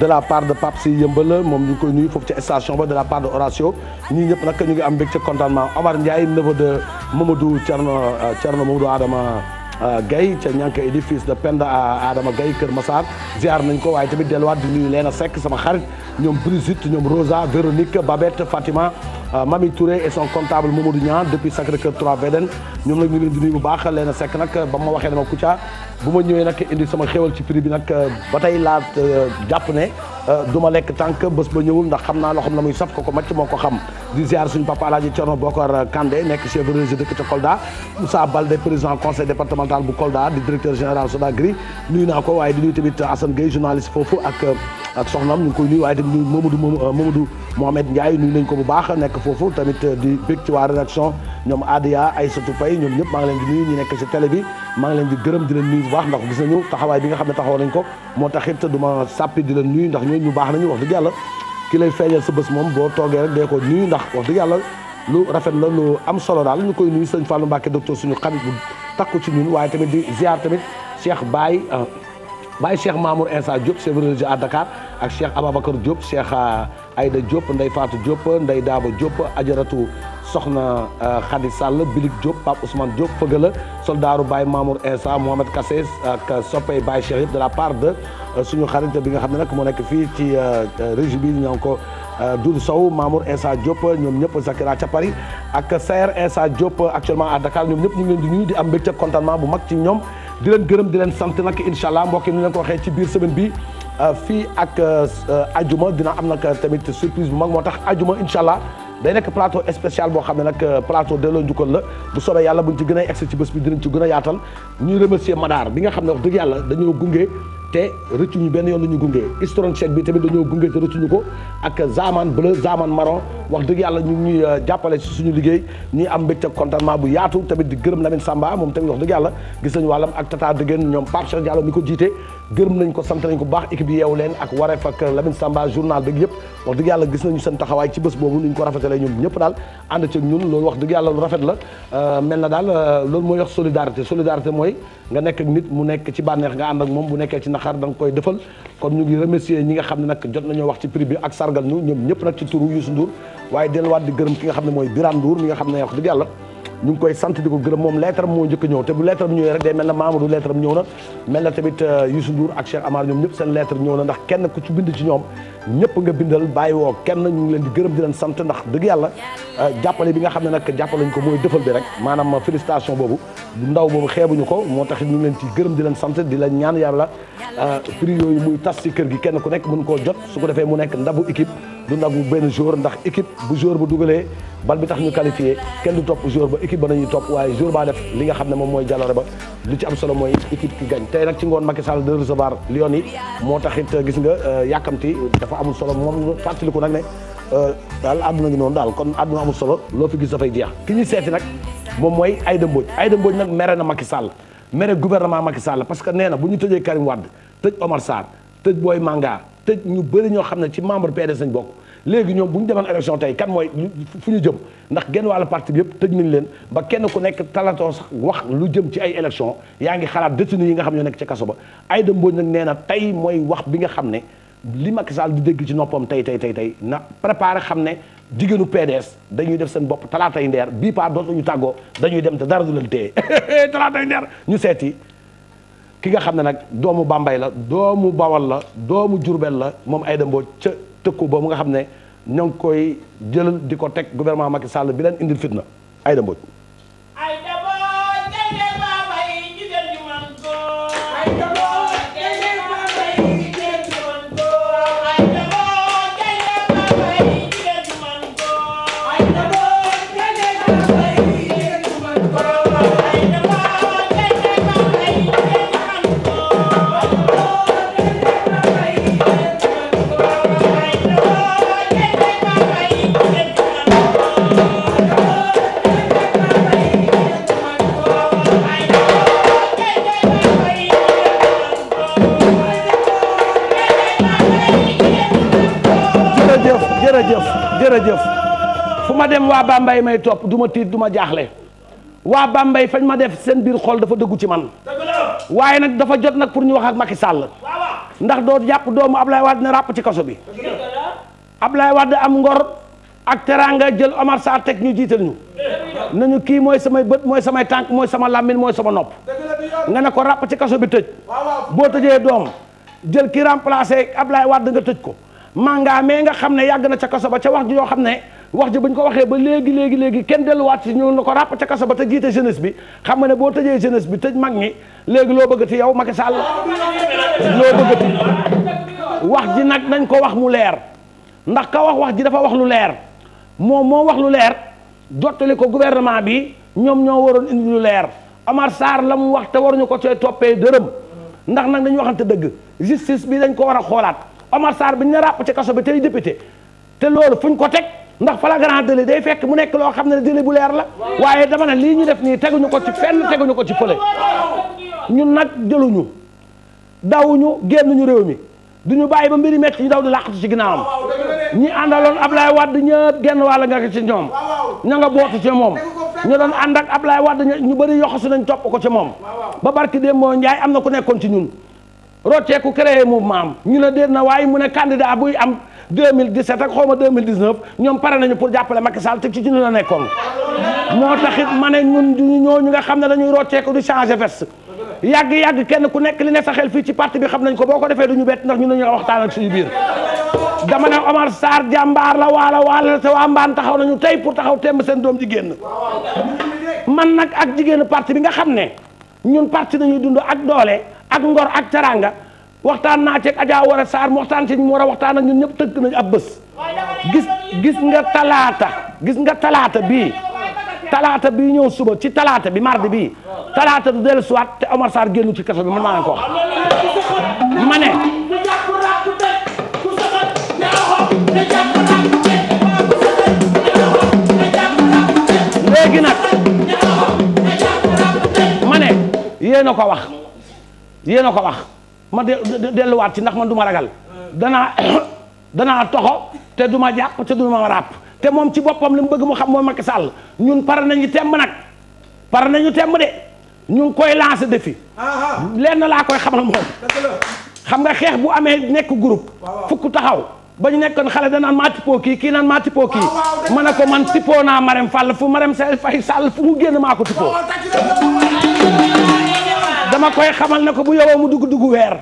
de la part de Pape si yëmbala moom ñu ngi koy nuyu foofu ci station ba de la part de Horatio ñii ñëpp nag ñu ngi am mbégte contentement Omar Ndiaye neveu de Mamadou du euh, Thierno Mamadou Adama euh, Gaye ca ñanka idi fils de Penda Adama gay Kër Massar ziar nañ ko waaye tamit delluwaat di nuyu Leena Seck sama xarit ñoom Brigitte ñoom Rosa Véronique Babette Fatima Euh, Mami Touré et son comptable Mamadou Niang depuis Sacré-Cœur 3 VDN ñoom nag ñu ngi leen di bu baax Leena Seck nag ba ma waxee ne ma Kouthia bu ma ñëwee nak indi sama xéwal ci prix bi nag euh, ba tey laa euh, jàpp ne du ma lekk tànk bés ba ñëwul ndax xam naa loo xam na muy saf ko ko macc moo ko xam di ziar suñu papa Alaaji Thierno Bokar Kandé nekk chef religieux dëkk ca Kolda Moussa Baldé président conseil départemental bu Kolda di directeur général Sodagri nuyu naa ko waaye di nuyu tamit Assane Gueye foofu ak ak soxnaam ñu ngi koy nuyu waaye tamit nuyu Mamadou Mamadou Mohamed nañ ko bu baax nekk foofu tamit euh, di bëgg ci waa rédaction ñoom ay Aïssatou Faye ñoom ñëpp maa ngi leen di nuyu ñu nekk ci télé bi maa ngi leen di gërëm di leen nuyu bu baax ndax gis nañu taxawaay bi nga xam ne taxaw nañ ko moo tax it du ma sàppi di leen nuyu ndax ñooñu ñu baax nañu wax dëgg yàlla ki lay feeñal sa bés moom boo toogee rek dee ko nuyu ndax wax dëgg yàlla lu rafet la lu am solo daal ñu koy nuyu sëñ Fallou Mbacké docteur suñu xarit bu takku ci ñun waaye tamit di ziar tamit Cheikh Baye euh, Baye Cheikh Mamour Insa Diop chef religieux à ak Cheikh Ababacar Diop Cheikh euh, Aïda Diop Ndeye Fatou Diop Ndeye Daaba Diop ajaratu soxna euh, Khady Sall Bilik Diop Pape Ousmane Diop Fëgala soldaaru Baye Mamour Insa Mohamed Kassé ak euh, soppey Baye Cheikh yëpp de la part de euh, suñu xarit bi nga xam ne nag moo nekk fii ci régie bi ñoo ngi ko Doudou Sow Mamour Insa Diop ñoom ñëpp Zakira ca Paris ak Saer Insa Diop actuellement à Dakar ñoom ñëpp ñu ngi leen di nuyu di am mbégte contentement bu mag ci ñoom di leen gërëm di leen sant nag incha allah mbokk yi ñu leen waxee ci biir semaine Euh, fii ak euh, ajuma dina am nag tamit surprise bu mag moo tax ajuma incha allah day nekk plateau spécial boo xam ne nag euh, plateau delloo njukkal la bu soobee yàlla buñ ci gën a ci bés bi dinañ ci gën a yaatal ñuy remercier bi nga xam ne wax dëgg yàlla dañoo gunge te ñu benn yoon la ñu gunge Istron Cheikh bi tamit dañoo gunge te rëccuñu ko ak Zaman bleu Zaman marron wax dëgg yàlla ñu ngi ñuy jàppale si suñu liggéey ñuy am mbégte contentement bu yaatu tamit di gërëm Lamine Samba moom tamit wax dëgg yàlla gis nañu wàllam ak Tata Dëggeen ñoom Pape Cheikh ko jiite gërëm nañ ko sant nañ ko baax équipe yi yeewu leen ak Wareef ak Lamine Samba journal bi yëpp wax dëgg yàlla gis nañu seen taxawaay ci bés boobu ni ñu ko rafetalee ñoom ñëpp daal ànd ci lu rafet la euh, mel na daal euh, loolu mooy wax solidarité solidarité mooy nga nekk ak mu nekk ci bànneex nga ànd moom bu nekkee ci naqar da nga koy defal kon ñu ngi remercier ñi nga xam ne nag jot nañoo wax ci prix bi ak sargal ñu ñoom ñëpp nag ci turu Youssou Ndour waaye delluwaat di gërëm ki nga xam ne mooy Birane Ndour mi nga xam ne wax dëgg yàlla ñu ngi koy sant di ko gërëm moom lettre am moo njëkk ñëw te bu lettre am ñëwee rek day mel na Mamadou lettre am ñëw na mel na tamit euh, Youssou Ndour ak Cheikh Amar ñoom ñëpp seen lettre ñëw na ndax kenn ku ci bind ci ñoom ñëpp nga bindal bàyyi woo kenn ñu ngi leen di gërëm di leen sant ndax dëgg yàlla euh, jàppale bi nga xam ne nag jàppale ñu ko mooy dëfal bi rek maanaam félicitation boobu ndaw boobu xeebuñu ko moo tax ñu ngi leen ci gërëm di leen sant di leen ñaan yàlla euh, prix yooyu muy tas ci kër gi kenn ku nekk mën koo jot su ko defee mu nekk ndabu équipe du ndabu benn jour ndax équipe bu jour bu dugalee bal bi tax ñu qualifié kenn du topp jour ba équipe ba nañuy topp waaye jour baa def li nga xam ne moom mooy jaloore ba lu mooy équipe ki gañ tey nag ci ngoon Macky Sall de recevoir Lyon yi moo tax it euh, gis nga yàkkamti dafa amul solo moom fàttaliku nag ne euh, daal àdduna ngi noonu daal kon àdduna amul solo loo fi gis dafay jeex ki ñu seeti nag moom mooy Aïda Mbodj Aïda Mbodj nag mere na Macky Sall mere gouvernement Macky Sall parce que nee na bu ñu tëjee Karim Wade tëj Omar Sarr tëj Boy Manga tëj ñu bëri ñoo xam ne ci membre PDS sañ bokk léegi ñoom bu ñu demoon élection tey kan mooy fu ñu jëm ndax genn wàll parti yëpp tëj nañ leen ba kenn ku nekk talatoo sax wax lu jëm ci ay élection yaa ngi xalaat détenu yi nga xam ñoo nekk ca kaso ba Aïda Mbodj nag nee na tey mooy wax bi nga xam ne li Macky Sall di dégg ci noppam tey tey tey tey na préparé xam ne jigéenu PDS dañuy def seen bopp talaatay ndeer bii par dootuñu tàggoo dañuy dem te dara du leen téye [laughs] talaatay ndeer ñu seeti ki nga xam ne nag doomu Bambey la doomu Bawal la doomu Jurbel la moom Aïda ca ca tëkku mu nga xam ne ñoo ngi koy jël di ko teg gouvernement Macky Sall bi leen indil fitna Aïda jërëjëf fu ma dem waa Bambey may topp du ma tiit du ma jaaxle waa Bambey fañ ma def seen biir xool dafa dëggu ci man waaye nag dafa jot nag pour ñu wax ak Macky Sall ndax doo jàpp doomu Ablaye Wade ne ràpp ci kaso bi Ablaye Wade am ngor ak teraanga jël Omar saa teg ñu jiital ñu nañu kii mooy samay bët mooy samay tànk mooy sama làmmiñ mooy sama nopp nga ne ko ràpp ci kaso bi tëj boo tëjee doom jël ki remplacé Ablaye Wade nga tëj ko manga mais nga xam ne yàgg na ca kaso ba ca wax ji yoo xam ne wax ji buñ ko waxee ba léegi léegi léegi kenn delluwaat ci ñëw na ko ràpp ca kaso ba te jiite jeunesse bi xam nga ne boo tëjee jeunesse bi tëj mag ñi léegi loo bëgg yow Macky Sall loo bëggati wax ji nag nañ ko wax mu leer ndax ka wax wax ji dafa wax lu leer moom moo wax lu leer jottali ko gouvernement bi ñoom ñoo waroon indi lu leer Omar Sarr la mu wax te waruñu ko cay toppee dërëm ndax nag dañu waxante dëgg justice bi dañ ko war a xoolaat Omar Sarr bi ñu ne ràpp ci kaso bi tey député te loolu fuñ ko teg ndax flagrant délit day fekk mu nekk loo xam ne délit bu leer la waaye dama ne lii ñu def nii teguñu ko ci fenn teguñu ko ci fële ñun nag jëluñu génn ñu réew mi duñu bàyyi ba mbiri metti ñu daw di làqatu ci am ginnaawam ñi àndaloon Ablaye Wade ñëpp genn wàll nga ci ñoom ña nga bootu ci moom ñu doon ànd ak Ablaye Wade ñu bëri yoxosu nañ topp ko ci moom ba barki démb am na ku nekkoon rocceeku créé mouvement maam ñu ne déet na waaye mu ne candidat buy am 2017 ak xaw ma 2019 ñoom pare nañu pour jàppale Macky Sall te ci ci ñu la nekkoon moo taxit ma ne ñun ñoo ñu nga xam ne dañuy rocceeku du changer veste yàgg-yàgg kenn ku nekk li ne sa xel fii ci parti bi xam nañ ko boo ko defee duñu bett ndax ñun dañu waxtaan ak suñu biir dama ne Omar Sarr jàmbaar la waala waala te waa mbaan taxaw nañu tey pour taxaw temb seen doom jigéen man nag ak jigéenu parti bi nga xam ne ñun parti nañuy dund ak doole ak ngor ak teraanga waxtaan naa ceeg Adja Wara Sarr mu waxtaan ci mu war waxtaan ak ñun ñëpp tëgg nañu ab bés gis gis nga talaata gis nga talaata bii talaata bii ñëw suba ci talaata bi mardi bii talaata du dellu siwaat te Omar Sarr génnu ci kaso bi man ko wax ma ne léegi nag ma ne ko wax yéen a ko wax ma delluwaat ci ndax man duma ragal dana [coughs] danaa toxo te duma ma jàpp te du ma ràpp te moom ci boppam li mu bëgg mu xam ma Macky sàll ñun pare nañu temb nag pare nañu temb de ñu ngi koy lancer défi ah, ah. lenn laa koy xamal moom xam nga xeex bu amee nekk groupe fukk taxaw ba ñu nekkoon xale danaan maa tippoo kii kii naan maa tippoo kii man ne ko man tippoo naa Marème Fall fu Marème Sall Faye Sall fu mu génn maa ko tippoo dama koy xamal ne ko bu yowoo mu dugg dugg weer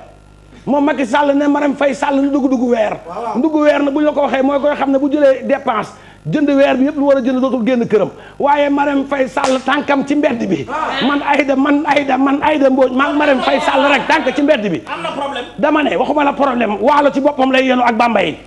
moom Macky Sall ne Marème Faye Sall nu dugg dugg weer dugg weer na bu ñu ko waxee mooy koy xam ne bu jëlee dépense jënd weer bi yëpp lu war a jënd dootul génn këram waaye Marème Faye Sall tànkam ci mbedd bi ah. man Aïda man Aïda man Aïda Mbodj ma Marème Faye Sall rek tànk ci mbedd bi am na problème dama ne waxuma la problème waalo ci boppam lay yenu ak Bambey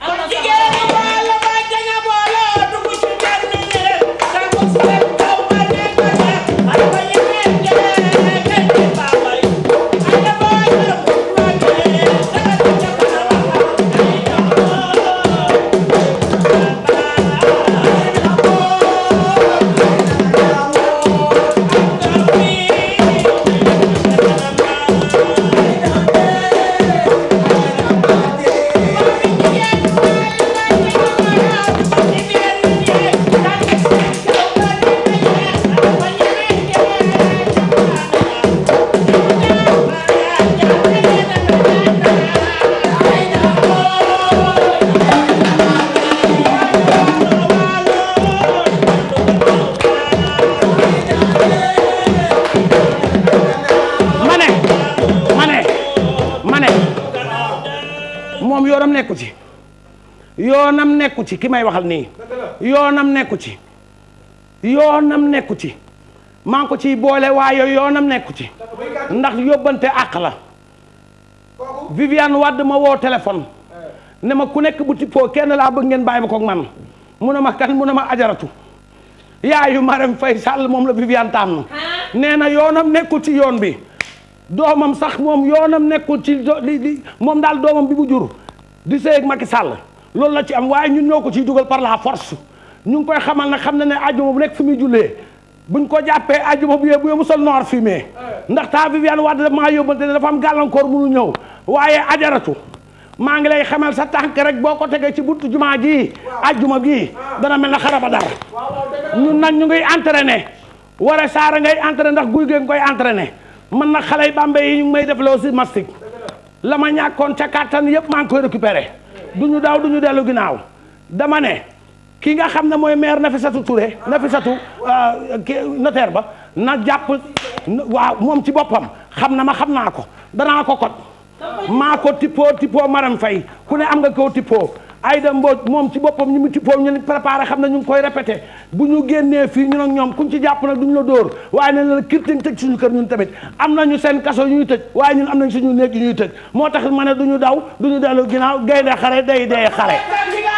yoonam nekku ci ki may waxal nii yoonam nekku ci yoonam nekku ci maa ngi ko ciy boole waaye yoonam nekku ci ndax yóbbante àq la Viviane Wade ma woo téléphone ne ma ku nekk bu tippoo kenn laa bëgg ngeen bàyyi ma koog man mu ne ma kan mu ne ma ajaratu yaayu Marème Faye sàll moom la Viviane tànn nee na yoonam nekkul ci yoon bi doomam sax moom yoonam nekkul ci li moom daal doomam bi bu jur di sëy ak Macky Sall loolu la ci am waaye ñun noo ko ciy dugal par la force ñu ngi koy xamal na xam na ne ajuma bu nekk fi muy jullee buñ ko jàppee ajuma bu yee bu yee mu sol noir fumé ndax taa Viviane Wade maa yóbbante de dafa am gàllankoor munu ñëw waaye ajaratu maa ngi lay xamal sa tànk rek boo ko tegee ci buntu jumaa ji ajuma gi dana mel na xaraba dar ñun nag ñu ngi entraîné wara saara ngay entraîné ndax guy geeg koy entraîné man nag xale yi Bambey yi ñu ngi may def la aussi mastic la ma ñàkkoon ca kattan yëpp maa ngi koy récupéré du ñu daaw du ñu dellu ginnaaw dama ne ki nga xam ne mooy maire Nafisatu Touré Nafisatu euh, notaire ba na jàpp waaw moom ci boppam xam na ma xam naa ko danaa ko kot maa ko tippoo tippoo Maram Fay ku ne am nga koo tippoo ay Aïda Mbodj moom si boppam ñu mu ci foofu ñu préparé xam na ñu ngi koy répété bu ñu génnee fii ñun ak ñoom kuñ ci jàpp nag duñ la dóor waaye nañ la kirtin tëj suñu kër ñun tamit am ñu seen kaso yu ñuy tëj waaye ñun am nañ suñu néeg yu ñuy tëj moo tax ma ne duñu daw duñu dellu ginnaaw gaynde xare day day xare